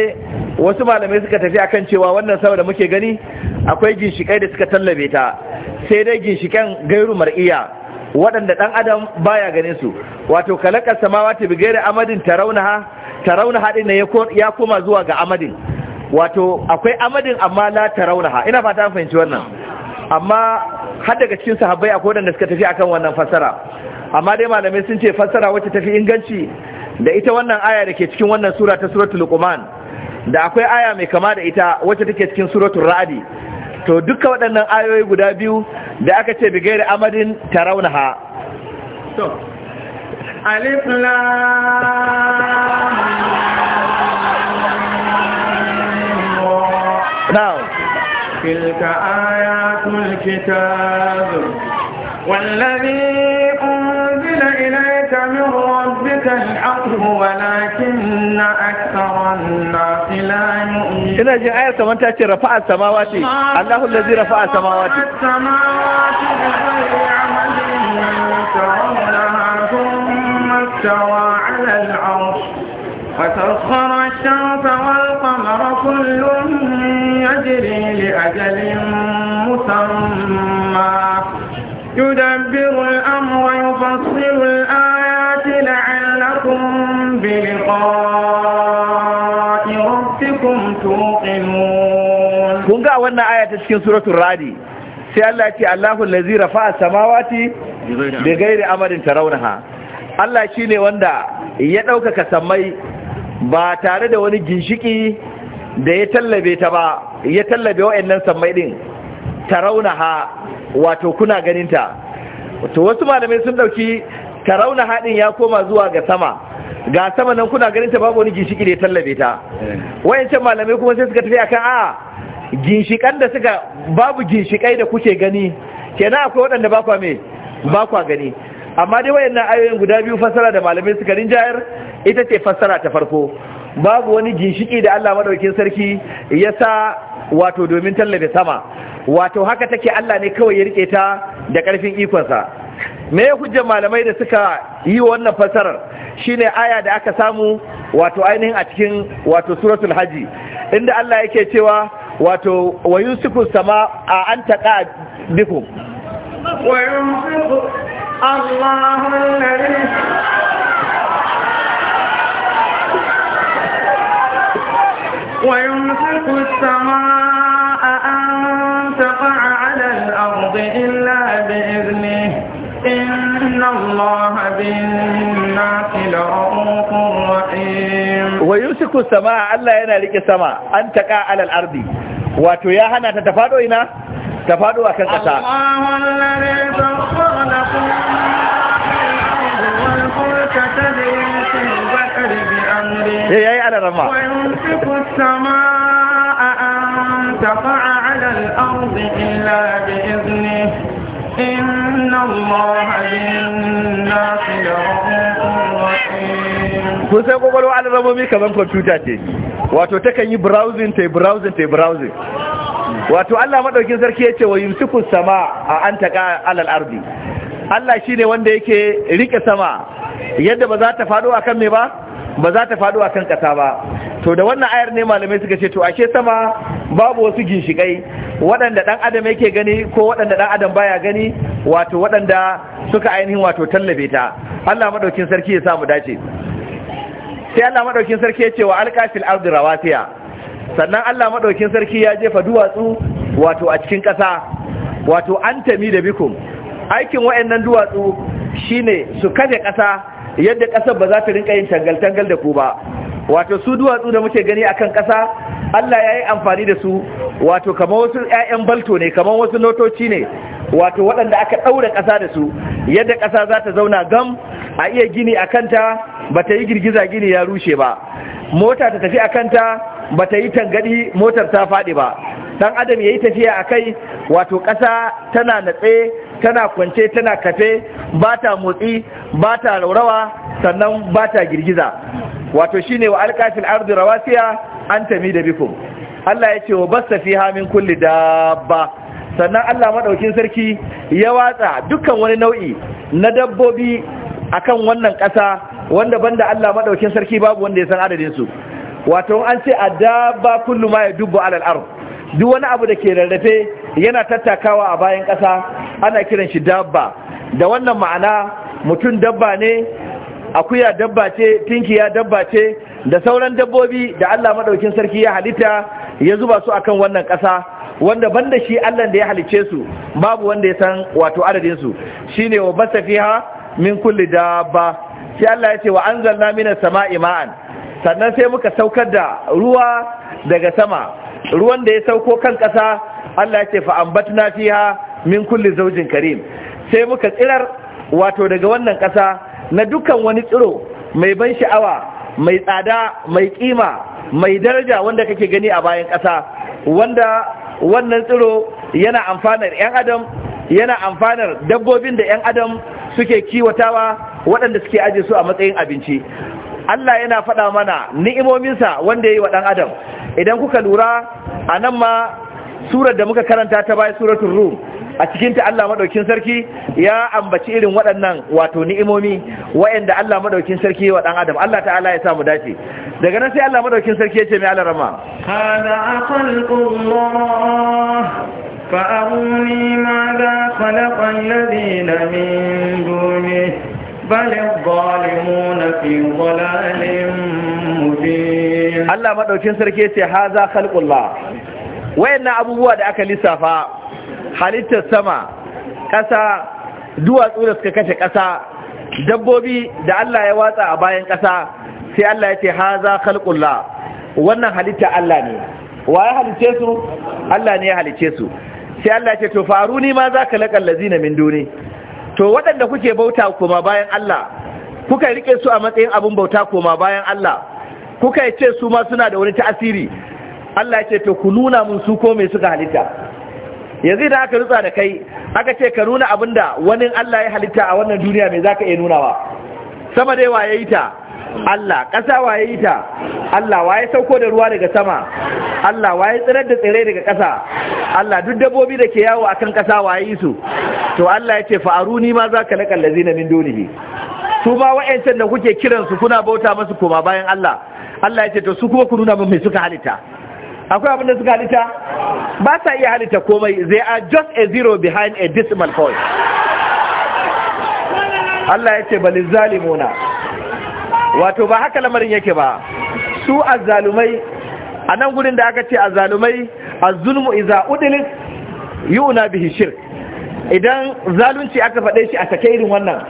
wasu malamai suka tafi akan cewa wannan sama da muke gani akwai ginshikai da suka tallabe ta sai dai ginshikan gairu mar'iya waɗanda ɗan adam baya ganin su wato kalakar samawati bigare amadin taraunaha taraunaha haɗin ne ya koma zuwa ga amadin wato akwai amadin amma la tarawnaha ina fata fahimci wannan amma har daga cikin sahabbai akwai wanda suka tafi akan wannan fassara amma dai malamai sun ce fassara wacce tafi inganci da ita wannan aya da ke cikin wannan sura ta suratul luqman da akwai aya mai kama da ita wacce take cikin suratul ra'adi to duka waɗannan ayoyi guda biyu da aka ce bigayar amadin tarawnaha to alif lam نعم تلك آيات الكتاب والذي أنزل إليك من ربك الحق ولكن أكثر الناس لا يؤمنون هنا جاء آية من تأتي رفع السماوات الله الذي رفع السماوات السماوات بغير عمل ترونها ثم استوى على العرش فسخر الشمس والقمر كل يجري لأجل مسمى يدبر الأمر يفصل الآيات لعلكم بلقاء ربكم توقنون كنت أولنا آية تسكين سورة الرادي sai Allah ce Allahu lazi rafa'a samawati bi ghairi amadin tarawnaha Allah shine wanda ya ɗaukaka samai ba tare da wani ginshiki da ya tallabe ta ba ya tallabe wa'annan sammai din ha wato kuna ganinta to wasu malamai sun dauki rauna din ya koma zuwa ga sama ga sama nan kuna ganinta babu wani ginshiki da ya tallabe ta eh. wayancan malamai kuma sai suka tafi akan a ginshikan da suka babu ginshikai da kuke gani kenan akwai waɗanda ba kwa me ba kwa gani amma dai wayannan ayoyin guda biyu fassara da malamai suka rinjayar ita ce fassara ta farko babu wani ginshiki da Allah madaukakin sarki ya sa wato domin tallafe sama wato haka take Allah ne kawai ya rike ta da karfin ikonsa me ya hujjar malamai da suka yi wannan fasarar shine aya da aka samu wato ainihin a cikin wato suratul haji inda Allah yake cewa wato wa sama a an ka bikum wa Allahu ويمسك السماء أن تقع على الأرض إلا بإذنه إن الله بالناس لرؤوف رحيم ويمسك السماء ألا ينالك السماء أن تقع على الأرض وتياهنا تتفادوا هنا تفادوا أكل قصاء الله الذي تغفر لكم والفلك تدري في البحر بأمره يا إيه، إيه، يا أنا رمى يمسك السماء أن تقع على الأرض إلا بإذنه إن الله للناس لرؤوف kun sai kwakwalwa an rabobi kamar kwamfuta ce wato takan yi browsing ta yi browsing ta yi browsing wato allah maɗaukin sarki ya ce wa yumsiku sama a an taƙa alal ardi allah shi ne wanda yake rike sama yadda ba za ta faɗo a kan me ba ba za ta faɗo a kan ƙasa ba to da wannan ayar ne malamai suka ce to ashe sama babu wasu ginshikai waɗanda ɗan adam yake gani ko waɗanda ɗan adam baya gani wato waɗanda suka ainihin wato tallabe ta Allah maɗaukin sarki ya sa mu dace sai Allah maɗaukin sarki ya ce wa alƙafil ardi rawasiya sannan Allah maɗaukin sarki ya jefa duwatsu wato a cikin ƙasa wato antami da bikum aikin waɗannan duwatsu shine su kaje ƙasa yadda ƙasar ba za ta rinka yin tangal-tangal da ku ba wato su duwatsu da muke gani akan ƙasa Allah ya yi amfani da su wato kamar wasu 'ya'yan balto ne kamar wasu notoci ne wato waɗanda aka ɗaura ƙasa da su yadda ƙasa za ta zauna gam a iya gini a kanta ba ta yi girgiza gini ya rushe ba mota ta tafi a kanta ba ta yi tangadi motar ta faɗi ba Ɗan adam ya yi tafiya a kai wato ƙasa tana natse tana kwance tana kafe ba ta motsi ba ta raurawa sannan ba ta girgiza wato shine wa alƙafil ardu rawasiya an tami da bikum Allah ya ce wa basta fi hamin kulli dabba sannan Allah maɗaukin sarki ya watsa dukkan wani nau'i na dabbobi akan wannan ƙasa wanda banda Allah maɗaukin sarki babu wanda ya san adadinsu wato an ce daba kullu ma yadubbu alal ard duk wani abu da ke rarrafe yana tattakawa a bayan ƙasa ana kiran shi dabba da wannan ma'ana mutum dabba ne akuya dabba ce tinkiya dabba ce da sauran dabbobi da Allah madaukin sarki ya halitta ya zuba su akan wannan ƙasa wanda banda shi Allah da ya halice su babu wanda ya san wato adadin su shine wa basafiha min kulli dabba sai Allah ya ce wa anzalna minas sama'i ma'an sannan sai muka saukar da ruwa daga sama ruwan da ya sauko kan ƙasa Allah ya ce fa ambatna fiha min kulli zawjin karim sai muka tsirar wato daga wannan ƙasa na dukkan wani tsiro mai ban sha'awa mai tsada mai kima mai daraja wanda kake gani a bayan ƙasa wanda wannan tsiro yana amfanar 'yan adam yana amfanar dabbobin da 'yan adam suke kiwatawa waɗanda suke aje su a matsayin abinci Allah yana faɗa mana ni'imominsa wanda ya yi wa ɗan adam idan kuka lura a nan ma surar da muka karanta ta bayan suratun rum a cikinta Allah maɗaukin sarki ya ambaci irin waɗannan wato ni'imomi wa'anda Allah maɗaukin sarki wa ɗan adam Allah ta'ala ya samu dace daga nan sai Allah maɗaukin sarki ya ce mai ala rama hada khalqullah fa aruni ma da khalaqa alladhina min bali الظالمون fi ضلال مبين Allah madaukin sarki yace haza khalqullah wayanna abubuwa da aka lissafa halittar sama kasa duwatsu da suka kashe ƙasa dabbobi da Allah ya watsa a bayan ƙasa sai Allah ya ce haza khalqullah wannan halitta Allah ne waye halice su Allah ne ya halice su sai Allah ya ce to faruni ma za ka laƙal lazina min duni to waɗanda kuke bauta koma bayan Allah kuka rike su a matsayin abin bauta koma bayan Allah kuka ce su ma suna da wani ta'asiri Allah ya ce to ku nuna mun su ko me suka halitta yanzu da aka rutsa da kai aka ce ka nuna abinda wani Allah ya halitta a wannan duniya me zaka iya nunawa sama dai waye ta Allah ƙasa waye yi ta Allah waye sauko da ruwa daga sama Allah waye tsirar da tsirai daga ƙasa Allah duk dabbobi da ke yawo akan ƙasa waye yi su to Allah ya ce fa'aruni ma za ka laƙal lazina min dunihi su ba wa'ancan da kuke kiransu kuna bauta masu koma bayan Allah Allah ya ce to su kuma ku nuna mai suka halitta akwai abin da suka halitta ba sa iya halitta komai they are just a zero behind a decimal point Allah ya ce balin wato ba haka lamarin yake ba su azzalumai a nan gudun da aka ce azzalumai azzulmu iza udilis yuna bihi shirk idan zalunci aka faɗe shi a irin wannan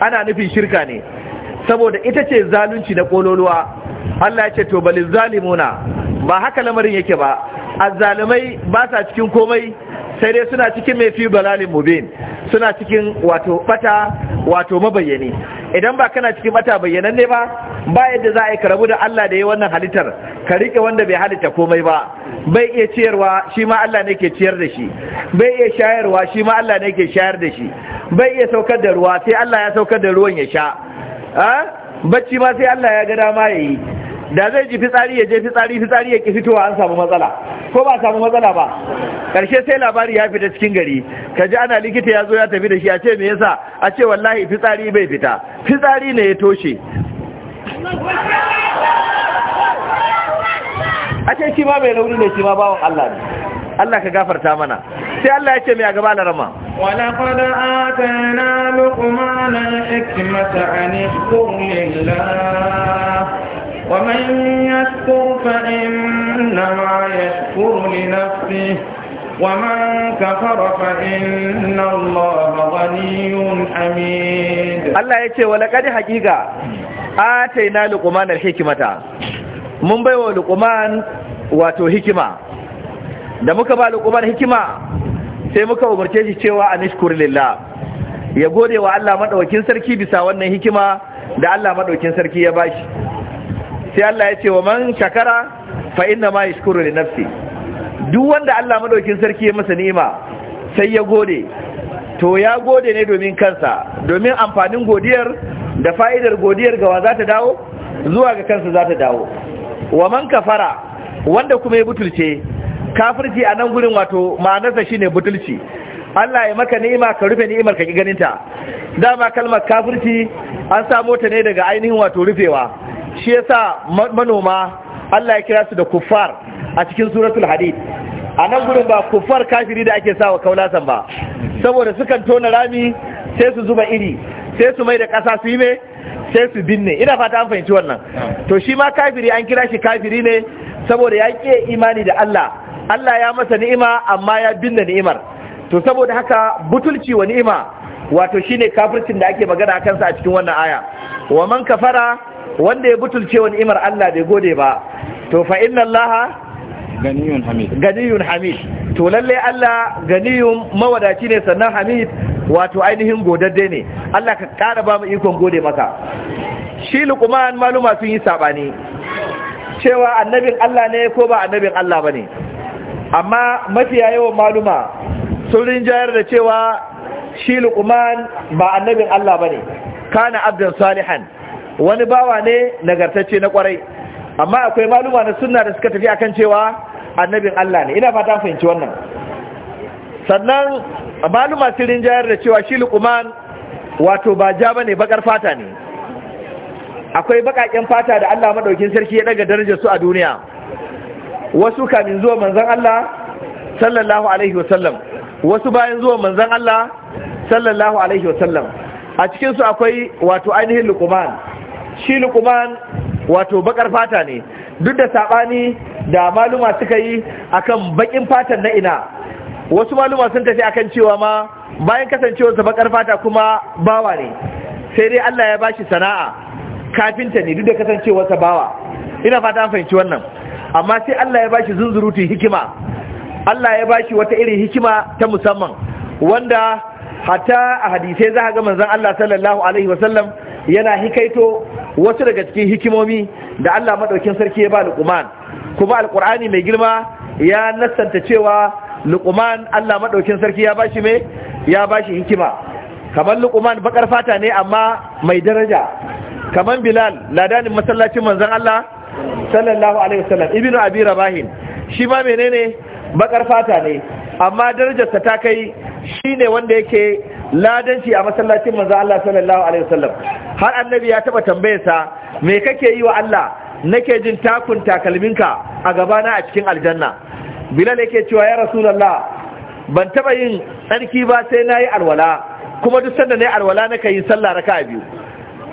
ana nufin shirka ne saboda ita ce zalunci na kololuwa Allah ya ce to balil zalimuna ba haka lamarin yake ba azzalumai ba sa cikin komai sai dai suna cikin mai fi balalin mubin suna cikin wato bata wato mabayyane idan ba kana cikin mata bayyanan ne ba ba yadda za a yi karabu da Allah da ya wannan halittar ka rike wanda bai halitta komai ba bai iya ciyarwa shi ma Allah ne ke ciyar da shi bai iya shayarwa shi ma Allah ne ke shayar da shi bai iya saukar da ruwa sai Allah ya saukar da ruwan ya sha ah? bacci ma sai Allah ya ga dama ya yi da zai ji fitsari ya je fitsari fitsari ya ki fitowa an samu matsala ko ba samu matsala ba karshe sai labari ya fita cikin gari ka ji ana likita ya zo ya tafi da shi a ce me yasa a ce wallahi fitsari bai fita fitsari ne ya toshe a ce shi ma mai rauni ne shi ma bawon Allah ne Allah ka gafarta mana sai Allah ya ce mai a gaba na rama wala ومن يشكر فإنما يشكر لنفسه ومن كفر فإن الله غني حميد الله يتي ولقد حقيقة آتينا لقمان الحكمة من بيو لقمان واتو حكمة da muka ba lukuman hikima sai muka umarce shi cewa anishkur lillah ya gode wa Allah madaukakin sarki bisa wannan hikima da Allah madaukakin sarki ya bashi sai Allah ya ce wa man shakara fa inna ma yashkuru li nafsi duk wanda Allah madaukin sarki ya masa ni'ima sai ya gode to ya gode ne domin kansa domin amfanin godiyar da fa'idar godiyar gawa za ta dawo zuwa ga kansa za ta dawo wa man kafara wanda kuma ya butulce kafirci a nan gurin wato ma'anarsa shine butulci Allah ya maka ni'ima ka rufe ni'imar ka ki ganin ta dama kalmar kafirci an samo ta ne daga ainihin wato rufewa shi yasa manoma Allah ya kira su da kuffar a cikin suratul hadid a nan gudun ba kuffar kafiri da ake sawa kaulasan ba saboda sukan tona rami sai su zuba iri sai su mai da kasa su yi mai sai su binne ina fata an fahimci wannan to shi ma kafiri an kira shi kafiri ne saboda ya ƙi imani da Allah Allah ya masa ni'ima amma ya binne ni'imar to saboda haka butulci wa ni'ima wato shine kafircin da ake magana kansa a cikin wannan aya wa man kafara wanda ya butulce wani imar Allah bai gode ba to fa inna Allah ganiyun hamid to lalle Allah ganiyun mawadaci ne sannan hamid wato ainihin godadde ne Allah ka kara ba mu ikon gode maka shi luqman maluma sun yi sabani cewa annabin Allah ne ko ba annabin Allah bane amma mafi yawan maluma sun rinjayar da cewa shi luqman ba annabin Allah bane kana abdan salihan wani bawa ne nagartacce na kwarai amma akwai maluma na sunna da suka tafi akan cewa annabin Allah ne ina fata fahimci wannan sannan maluma sun jayar da cewa shi luqman wato ba ja bane bakar fata ne akwai bakaken fata da Allah maɗaukin sarki ya daga darajar su a duniya wasu kamin zuwa manzon Allah sallallahu alaihi wasallam wasu bayan zuwa manzon Allah sallallahu alaihi wasallam a cikin su akwai wato ainihin lukuman. shi lukuman wato bakar fata ne duk da sabani da maluma suka yi akan bakin fatan na ina wasu maluma sun tafi akan cewa ma bayan kasancewarsa bakar fata kuma bawa ne sai dai Allah ya bashi sana'a kafinta ne duk da kasancewarsa bawa ina fata an fahimci wannan amma sai Allah ya bashi zunzurutu hikima Allah ya bashi wata irin hikima ta musamman wanda hatta a hadisai za ka ga manzon Allah sallallahu alaihi wasallam yana hikaito wasu daga cikin hikimomi da Allah madaukin sarki ya ba Luqman kuma Alƙur'ani mai girma ya nasanta cewa Luqman Allah madaukin sarki ya bashi me ya bashi hikima kamar Luqman bakar fata ne amma mai daraja kamar Bilal ladanin masallacin manzon Allah sallallahu alaihi wasallam ibnu abi rabahin shi ma menene bakar fata ne amma darajarsa ta kai shi ne wanda yake ladanci a masallacin manzon Allah sallallahu alaihi wasallam har annabi ya taba tambayarsa me kake yi wa Allah nake jin takun takalminka a gabana a cikin aljanna bilal yake cewa ya rasulullah ban taba yin tsarki ba sai nayi alwala kuma duk sanda nayi alwala naka yi sallah raka'a biyu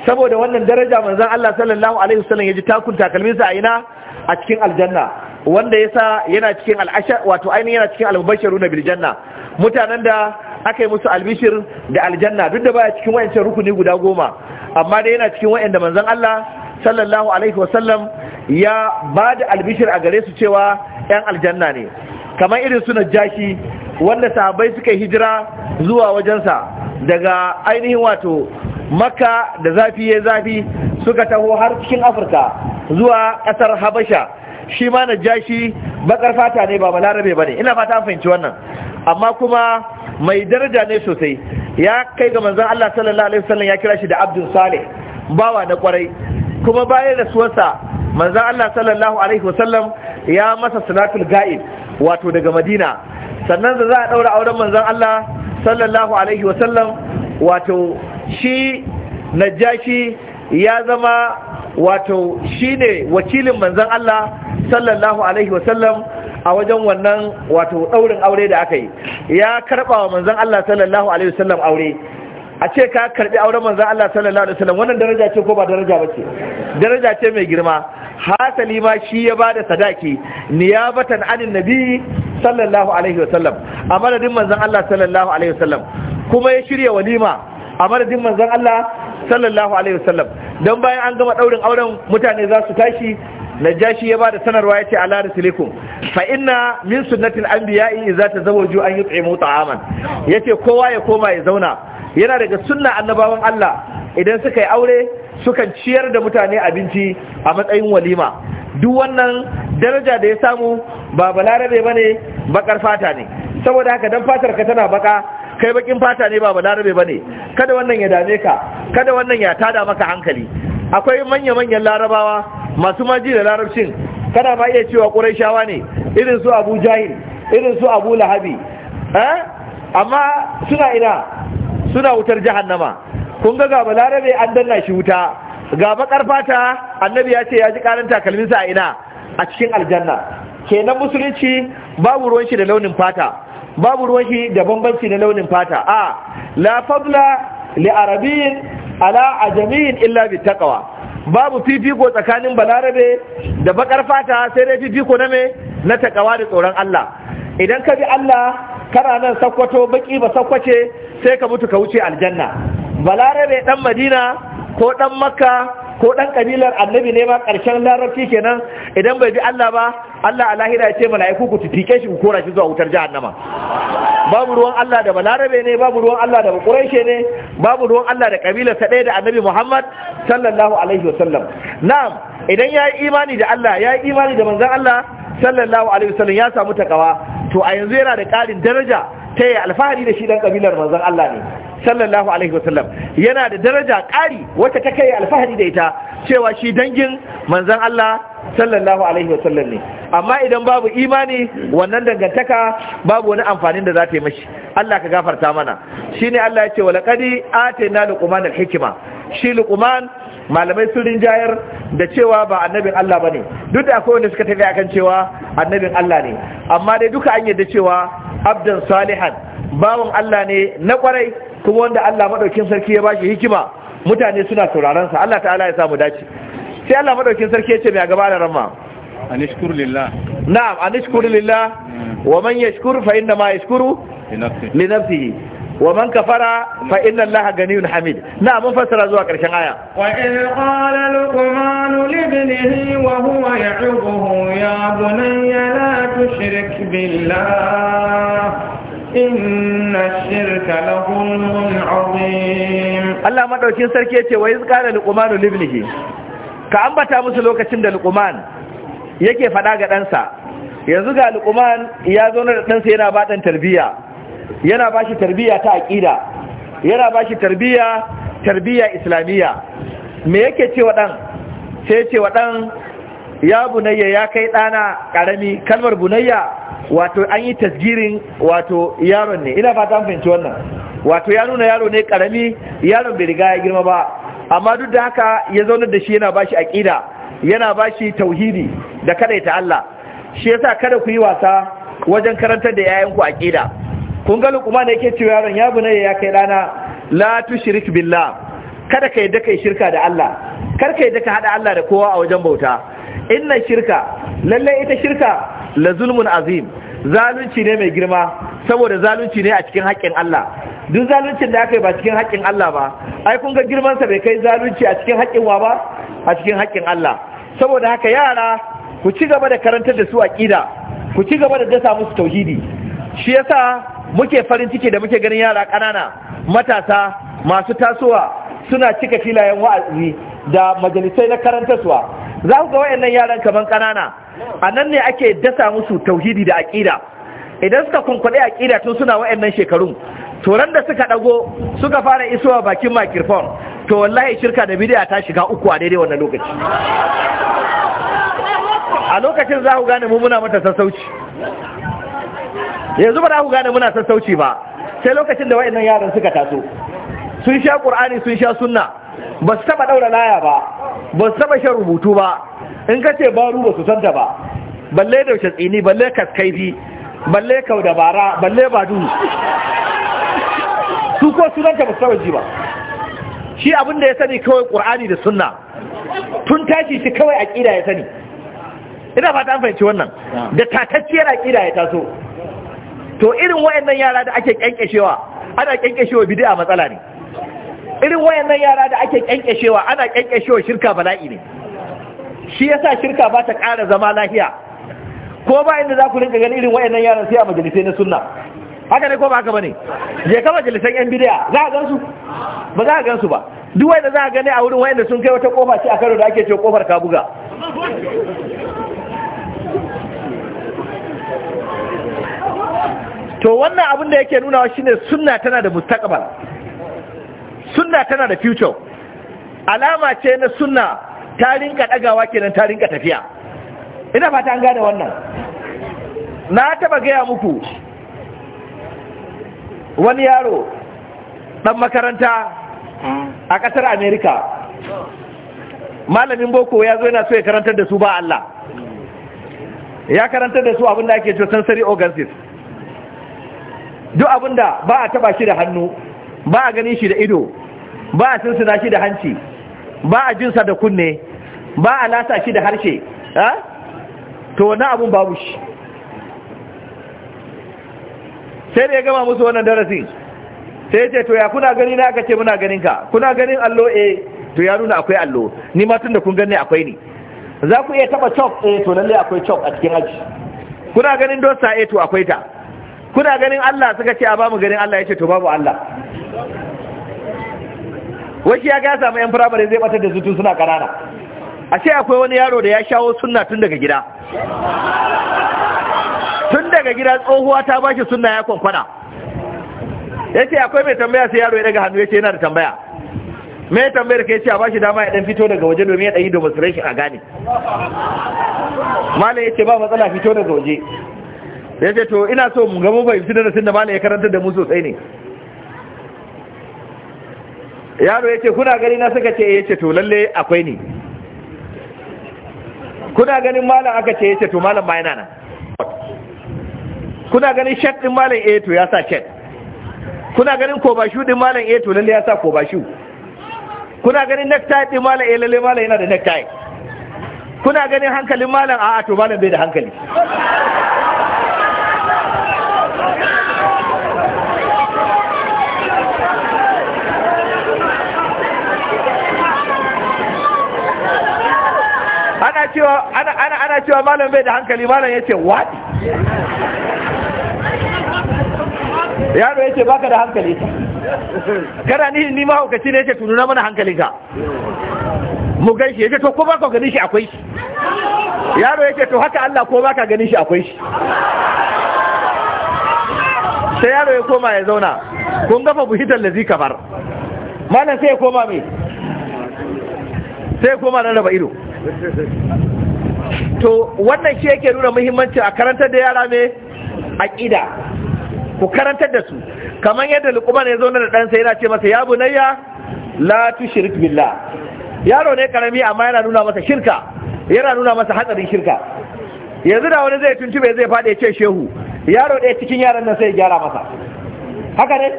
saboda wannan daraja manzon Allah sallallahu alaihi wasallam yaji takun takalminsa a ina a cikin aljanna wanda yasa yana cikin al'ashar wato ainihin yana cikin al-mubashiruna bil janna mutanen da aka yi musu albishir da aljanna duk da baya cikin wayancin rukuni guda goma amma dai yana cikin wayanda manzon Allah sallallahu alaihi wasallam ya ba da albishir a gare su cewa yan aljanna ne kamar irin su najashi wanda sahabbai suka hijira zuwa wajensa daga ainihin wato makka da zafi ya zafi suka taho har cikin afirka zuwa kasar habasha shi ma najashi bakar fata ne ba balarabe ba ne ina fata fahimci wannan amma kuma mai daraja ne sosai ya kai ga manzan Allah sallallahu alaihi wasallam ya kira shi da abdul salih bawa na kwarai kuma bayan rasuwarsa manzan Allah sallallahu alaihi wasallam ya masa salatul ga'il wato daga Madina sannan da za a daura auren manzan Allah sallallahu alaihi wasallam wato shi najashi ya zama wato shi ne wakilin manzan Allah sallallahu alaihi wasallam a wajen wannan wato daurin aure da aka yi ya karba wa manzon Allah sallallahu alaihi wasallam aure a ce ka karbi auren manzon Allah sallallahu alaihi wasallam wannan daraja ce ko ba daraja bace daraja ce mai girma hasali ma shi ya bada sadaki niyabatan anin nabi sallallahu alaihi wasallam a madadin manzon Allah sallallahu alaihi wasallam kuma ya shirya walima a madadin manzon Allah sallallahu alaihi wasallam don bayan an gama daurin auren mutane za su tashi najashi ya ba da sanarwa ya ce ala rasulikum fa inna min sunnatil anbiya'i idza tazawwaju an yut'imu ta'aman yace kowa ya koma ya zauna yana daga sunna annabawan Allah idan suka yi aure sukan ciyar da mutane abinci a matsayin walima duk wannan daraja da ya samu ba balarabe bane bakar fata ne saboda haka dan fatar ka tana baka kai bakin fata ne ba balarabe bane kada wannan ya dame ka kada wannan ya tada maka hankali akwai manya-manyan larabawa masu maji da larabcin kana ma iya cewa shawa ne irin su abu jahil irin su abu lahabi eh? amma suna ina suna wutar jahannama kun ga gaba larabe an danna shi wuta ga bakar fata annabi ya ce ya ji karin takalminsa a ina a cikin aljanna kenan musulunci babu ruwan shi da launin fata babu ruwan shi da bambanci da launin fata a ah, la fadla li arabiyin ala ajamiyin illa bi taqwa babu fifiko tsakanin balarabe da bakar fata sai dai fifiko na me na takawa da tsoron Allah idan ka bi Allah kana nan sakwato baki ba sakwace sai ka mutu ka wuce aljanna balarabe dan madina ko dan makka ko dan kabilar annabi ne ma karshen larabci kenan idan bai bi Allah ba Allah alahira ya ce mala'iku ku tike shi ku kora shi zuwa wutar jahannama babu ruwan Allah da balarabe ne babu ruwan Allah da quraishe ne babu ruwan Allah da kabilar ta ɗaya da annabi Muhammad sallallahu alaihi wasallam na'am idan ya yi imani da Allah ya yi imani da manzon Allah sallallahu alaihi wasallam ya samu takawa to a yanzu yana da ƙarin daraja ta yi alfahari da shi dan kabilar manzon Allah ne sallallahu alaihi wasallam yana da daraja ƙari wacce ta kai alfahari da ita cewa shi dangin manzan Allah sallallahu alaihi wasallam ne amma idan babu imani wannan dangantaka babu wani amfanin da za ta yi mashi Allah ka gafarta mana Shi ne Allah ya ce wa laqad atayna luqman alhikma shi luqman malamai sun rinjayar da cewa ba annabin Allah bane duk da akwai wanda suka tafi akan cewa annabin Allah ne amma dai duka an yarda cewa abdan salihan bawan Allah ne na kwarai kuma wanda Allah madaukin sarki ya bashi hikima mutane suna sauraron sa Allah ta'ala ya samu dace sai Allah madaukin sarki ya ce mai gaba da ramma anishkur lillah na'am anishkur lillah hmm. wa man yashkuru, fa inna ma yashkuru li nafsihi wa man kafara fa inna Allaha ganiyun hamid na'am mun fassara zuwa karshen aya wa in qala luqman li ibnihi wa huwa ya'ubuhu ya bunayya la tushrik billah إن الشرك لظلم عظيم الله ما دوكين سركي يتي وإذ قال لقمان لابنه كأنبتا musu lokacin da Luqman yake faɗa ga ɗansa yanzu ga Luqman ya zo da ɗansa yana ba ɗan tarbiyya yana ba shi tarbiyya ta aƙida yana ba shi tarbiyya tarbiyya islamiyya me yake ce wa ɗan sai ce wa ɗan ya bunayya ya kai ɗana ƙarami kalmar bunayya wato an yi tasgirin wato yaron ne ina fata fahimci wannan wato ya nuna yaro ne karami yaron bai riga ya girma ba amma duk da haka ya zaunar da shi yana bashi aqida yana bashi tauhidi da ta Allah shi yasa kada ku yi wasa wajen karantar da yayanku aqida kun ga Luqman yake cewa yaron ya bunayya ya kai dana la tushrik billah kada kai da kai shirka da Allah kar kai da ka hada Allah da kowa a wajen bauta inna shirka lalle ita shirka la zulmun azim zalunci ne mai girma saboda zalunci ne a cikin haƙƙin Allah duk zaluncin da aka yi ba cikin haƙƙin Allah ba ai kun ga girman sa bai kai zalunci a cikin haƙƙin wa ba a cikin haƙƙin Allah saboda haka yara ku ci gaba da karantar da su aqida ku ci gaba da dasa musu tauhidi shi yasa muke farin ciki da muke ganin yara ƙanana matasa masu tasowa suna cika filayen wa'azi da majalisai na suwa. za ku ga wayannan yaran kaman ƙanana a nan ne ake dasa musu tauhidi da aƙida idan suka kunkuɗe aƙida tun suna wayannan shekarun To ran da suka ɗago suka fara isowa bakin microphone to wallahi shirka da bidiya ta shiga uku a daidai wannan lokaci a lokacin za ku gane mu muna mata sassauci yanzu ba za ku gane muna sassauci ba sai lokacin da wayannan yaran suka taso sun sha ƙur'ani sun sha sunna ba su taɓa ɗaura laya ba ba su taɓa shan rubutu ba in ka ce baru ba su santa ba balle da tsini balle kaskaifi balle kau da bara balle badu su ko sunanta ba su taɓa ji ba shi abin da ya sani kawai ƙur'ani da sunna tun tashi shi kawai aƙida ya sani ina fata an fahimci wannan da tatacciyar aƙida ya taso to irin wa'annan yara da ake kyankyashewa ana kyankyashewa bidi'a matsala ne irin wayannan yara da ake kyankyashewa ana kyankyashewa shirka bala'i ne shi yasa shirka ba ta ƙara zama lafiya ko ba inda za ku rinka ganin irin wayannan yaran sai a majalisai na sunna haka ne ko ba haka bane je ka majalisan yan bidiya za a gansu ba za a gansu ba duk wanda za a gane a wurin wayanda sun kai wata kofa ce a karo da ake ce kofar buga. to wannan abin da yake nunawa shine sunna tana da mustaqbal sunna tana da future alama ce na sunna ta rinka dagawa kenan ta rinka tafiya ina fata an gane wannan na taba gaya muku wani yaro dan makaranta a kasar america malamin boko ya zo yana so ya karantar da su ba Allah ya karantar da su abinda ake cewa sensory organs duk abinda ba a taba shi da hannu ba a gani shi da ido ba a sinsina shi da hanci ba a jinsa da kunne ba a lasa shi da harshe to wani abun babu shi sai da ya gama musu wannan darasin sai ya ce to ya kuna gani na aka ce muna ganin ka kuna ganin allo E, to ya nuna akwai allo ni ma tun da kun gani akwai ni za ku iya taba chalk E, to lalle akwai chalk a cikin aji kuna ganin dosa e to akwai ta kuna ganin Allah suka ce a ba mu ganin Allah ya ce to babu Allah wai ya ga ya samu yan firamare zai batar da zutu suna kanana ashe akwai wani yaro da ya shawo suna tun daga gida tun daga gida tsohuwa ta ba shi suna ya kwankwana ce akwai mai tambaya sai yaro ya daga hannu ya ce yana da tambaya me tambayar ka ce a ba shi dama ya dan fito daga waje domin ya dan yi demonstration a gane malam ce ba matsala fito daga waje yace to ina so mu gama mu fahimci nasin da malam ya karanta da mu sosai ne yaro ya ce kuna gani na suka ce eh, ya ce to lalle akwai ni kuna ganin malam aka ce ya ce to malam bayana yana nan kuna ganin shat din malam ya eh, to ya sa shet kuna ganin kobashu din malam ya eh, to lalle ya sa kobashu kuna ganin necktie din malam eh lalle malam yana da necktie kuna ganin hankalin malam a to malam bai da hankali ana cewa ana ana ana cewa malam bai da hankali malam yace what yaro yace baka da hankali Kada ni ni ma hukaci ne yake tununa mana hankali ka. mu gaishe ce to ko baka gani shi akwai shi yaro ce to haka Allah ko baka gani shi akwai shi sai yaro ya koma ya zauna kun gafa buhitar da zika malam sai ya koma me sai ya koma raba ido to wannan shi yake nuna muhimmanci a karantar da yara mai ƙida, ku karantar da su kamar yadda lukuma ya zo da ɗansa yana ce masa ya bunayya la tushrik billah yaro ne karami amma yana nuna masa shirka yana nuna masa hatsarin shirka yanzu da wani zai tuntube zai faɗi ce shehu yaro ɗaya cikin yaran nan sai gyara masa haka ne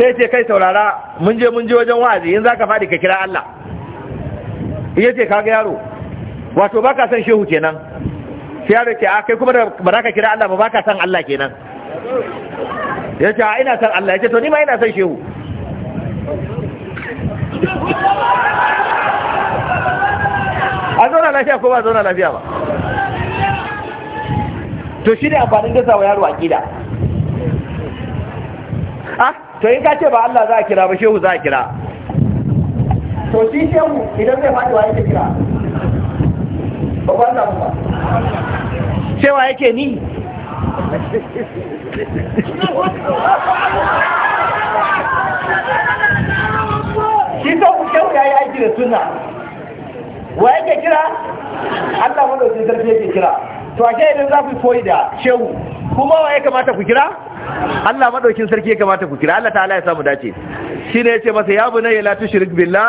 sai ce kai saurara mun je mun je wajen wa'azi in zaka faɗi ka kira Allah ya ce kaga yaro wato baka san shehu kenan sai yaro ce a ah, kai kuma da ba za ka kira Allah ba baka san Allah kenan ya ce a ah, ina san Allah ya ce to ni ma ina san shehu a zauna lafiya ko ba zauna lafiya ba to shi ne amfanin gasa wa yaro aƙida ah to in ka ce ba Allah za a kira ba shehu za a kira to shi shehu idan zai faɗi wa yake kira ba ba za ba cewa yake ni shi shehu kyau ya yi aiki da suna wa yake kira Allah madaukakin sarki yake kira to a idan za ku koyi da shehu kuma wa ya kamata ku kira Allah madaukin sarki ya kamata ku kira Allah ta'ala ya samu dace shine yace masa ya bunayya la tushrik billah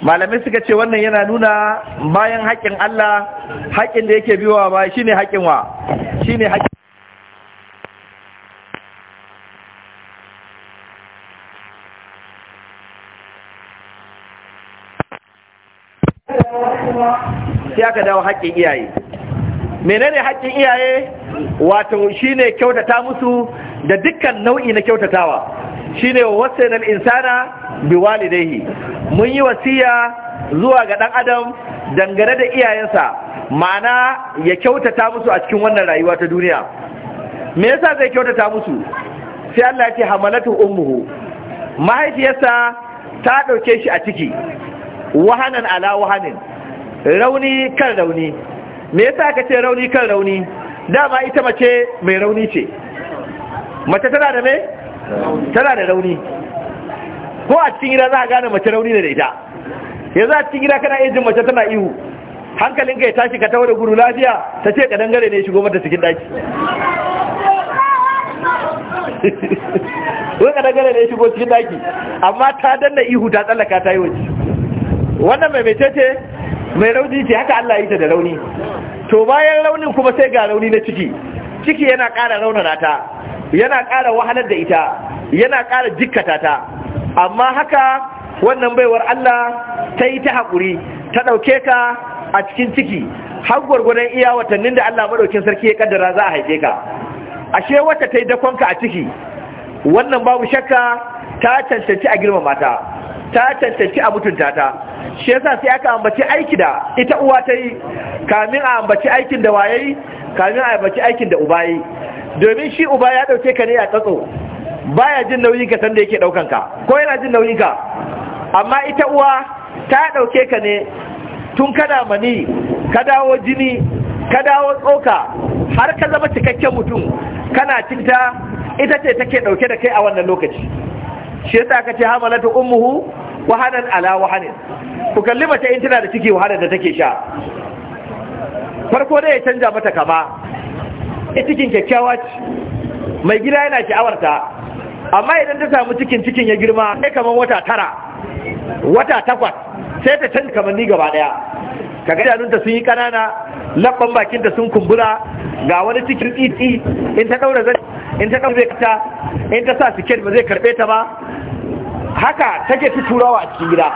malamai suka ce wannan yana nuna bayan haƙƙin Allah haƙƙin da yake biwa ba shine haƙƙin wa shine haƙƙin sai aka dawo haƙƙin iyaye menene haƙƙin iyaye wato shine kyautata musu da dukkan nau'i na kyautatawa shine wasainal insana biwalidayhi mun yi wasiya zuwa ga dan adam dangane da iyayensa ma'ana ya kyautata musu a cikin wannan rayuwa ta duniya me yasa zai kyautata musu sai Allah ya ce hamalatu ummuhu mahaifiyarsa ta dauke shi a ciki wahanan ala wahanin rauni kan rauni me yasa aka ce rauni kan rauni dama ita mace mai rauni ce mace tana da me tana da rauni ko a cikin gida za a gane mace rauni ne da ita yanzu a cikin gida kana iya jin mace tana ihu hankalinka ya tashi ka tawo da guru lafiya ta ce ka dangare ne shigo mata cikin daki wani ka dangare ne shigo cikin daki amma ta danna ihu ta tsallaka ta yi waje wannan mai mecece mai rauni ce haka Allah yi ta da rauni to bayan raunin kuma sai ga rauni na ciki ciki yana ƙara raunana ta yana ƙara wahalar da ita yana ƙara jikkata ta amma haka wannan baiwar Allah ta yi ta haƙuri ta ɗauke ka a cikin ciki har gwargwadon iya watannin da Allah maɗaukin sarki ya kaddara za a haife ka ashe wata ta yi dakonka a ciki wannan babu shakka ta cancanci a girmama ta ta cancanci a mutunta ta shi yasa sai aka ambaci aiki da ita uwa ta yi kamin a ambaci aikin da waye kamin a ambaci aikin da uba yi domin shi uba ya dauke ka ne a tsatso baya jin nauyin ka sanda yake daukan ka ko yana jin nauyin ka amma ita uwa ta dauke ka ne tun kana mani ka dawo jini ka dawo tsoka har ka zama cikakken mutum kana cinta ita ce take dauke da kai a wannan lokaci shi yasa ka ce hamalata ummuhu wahanan ala wahanin ku kalli mace in tana da ciki wahalar da take sha farko dai ya canja mata kama ita cikin kyakkyawa ce mai gida yana sha'awarta amma idan ta samu cikin cikin ya girma sai kamar wata tara wata takwas sai ta canza kamanni gaba daya kaga idanunta sun yi kanana labban bakinta sun kumbura ga wani cikin titi in ta daura zai in ta zai kata in ta sa siket ba zai karbe ta ba haka take ta turawa a cikin gida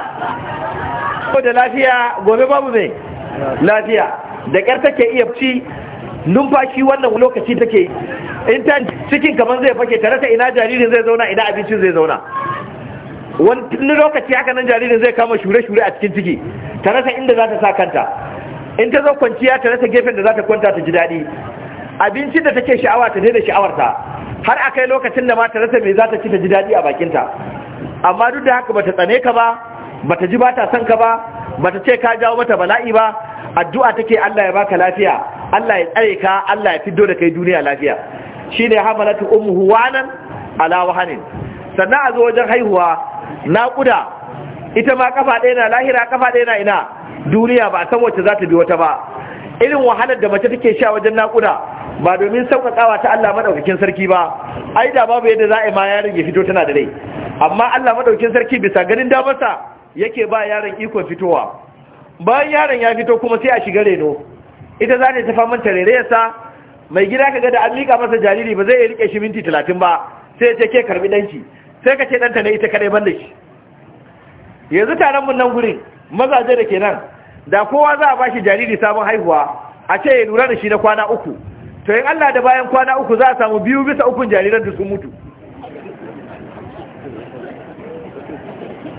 ko da lafiya gobe babu mai lafiya da kyar take iya ci numfashi wannan lokaci take in ta cikin kaman zai fake ta ina jaririn zai zauna ina abincin zai zauna wani lokaci haka nan jaririn zai kama shure-shure a cikin ciki ta rasa inda za ta sa kanta in ta zo kwanciya ta rasa gefen da za ta kwanta ta ji daɗi abincin da take sha'awa ta daina sha'awarta har a kai lokacin da ma ta rasa mai za ta ci ta ji daɗi a bakinta amma duk da haka bata tsane ka ba bata ji ba ta san ka ba bata ce ka jawo mata bala'i ba addu'a take Allah ya baka lafiya Allah ya tsare ka Allah ya fiddo da kai duniya lafiya shine hamalatu ummuhu wanan ala wahanin sannan a zo wajen haihuwa naƙuda ita ma kafa ɗaya na lahira kafa ɗaya na ina duniya ba san wacce za ta bi wata ba irin wahalar da mace take sha wajen naƙuda ba domin sauƙaƙawa ta Allah maɗaukakin sarki ba ai da babu yadda za a yi ma yaron ya fito tana da rai amma Allah maɗaukakin sarki bisa ganin damarsa yake ba yaron iko fitowa bayan yaron ya fito kuma sai a shiga reno ita za ta ta faman tarerayarsa mai gida ka ga da an miƙa masa jariri ba zai iya riƙe shi minti talatin ba sai ya ce ke karɓi ɗanki sai ka ce ɗanta ne ita kaɗai banda shi yanzu taron mun nan guri mazaje da ke nan da kowa za a bashi jariri sabon haihuwa a ce ya lura da shi na kwana uku to in Allah da bayan kwana uku za a samu biyu bisa ukun jariran da sun mutu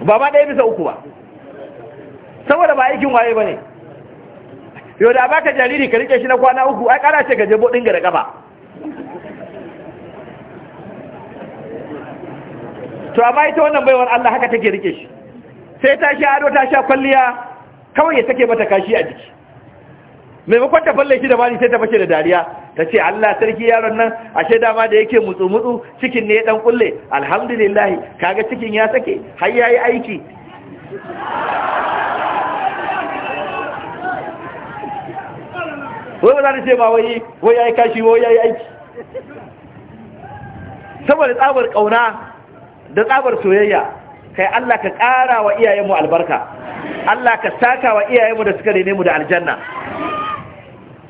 ba ma ɗaya bisa uku ba saboda ba aikin waye ba ne yau da ka jariri ka rike shi na kwana uku ai ƙara ce ka jebo ɗinga da ƙafa to amma ita wannan baiwar Allah haka take rike shi sai ta sha ado ta sha kwalliya kawai ya take mata kashi a jiki maimakon ta falle shi da bani sai ta fashe da dariya ta ce Allah sarki yaron nan ashe dama da yake mutsu mutsu cikin ne ya dan kulle alhamdulillah kaga cikin ya sake har yayi aiki wai ba ce ba wai wai yayi kashi wai yayi aiki saboda tsabar kauna da tsabar soyayya kai Allah ka ƙara wa iyayenmu albarka Allah ka saka wa iyayenmu da suka rene mu da aljanna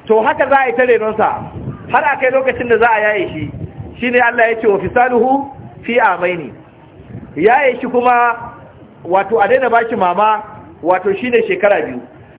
to haka za a yi ta renonsa har a kai lokacin da za a yaye shi shi ne Allah ya ce wa fisaluhu fi amaini yaye shi kuma wato a daina ba shi mama wato shi ne shekara biyu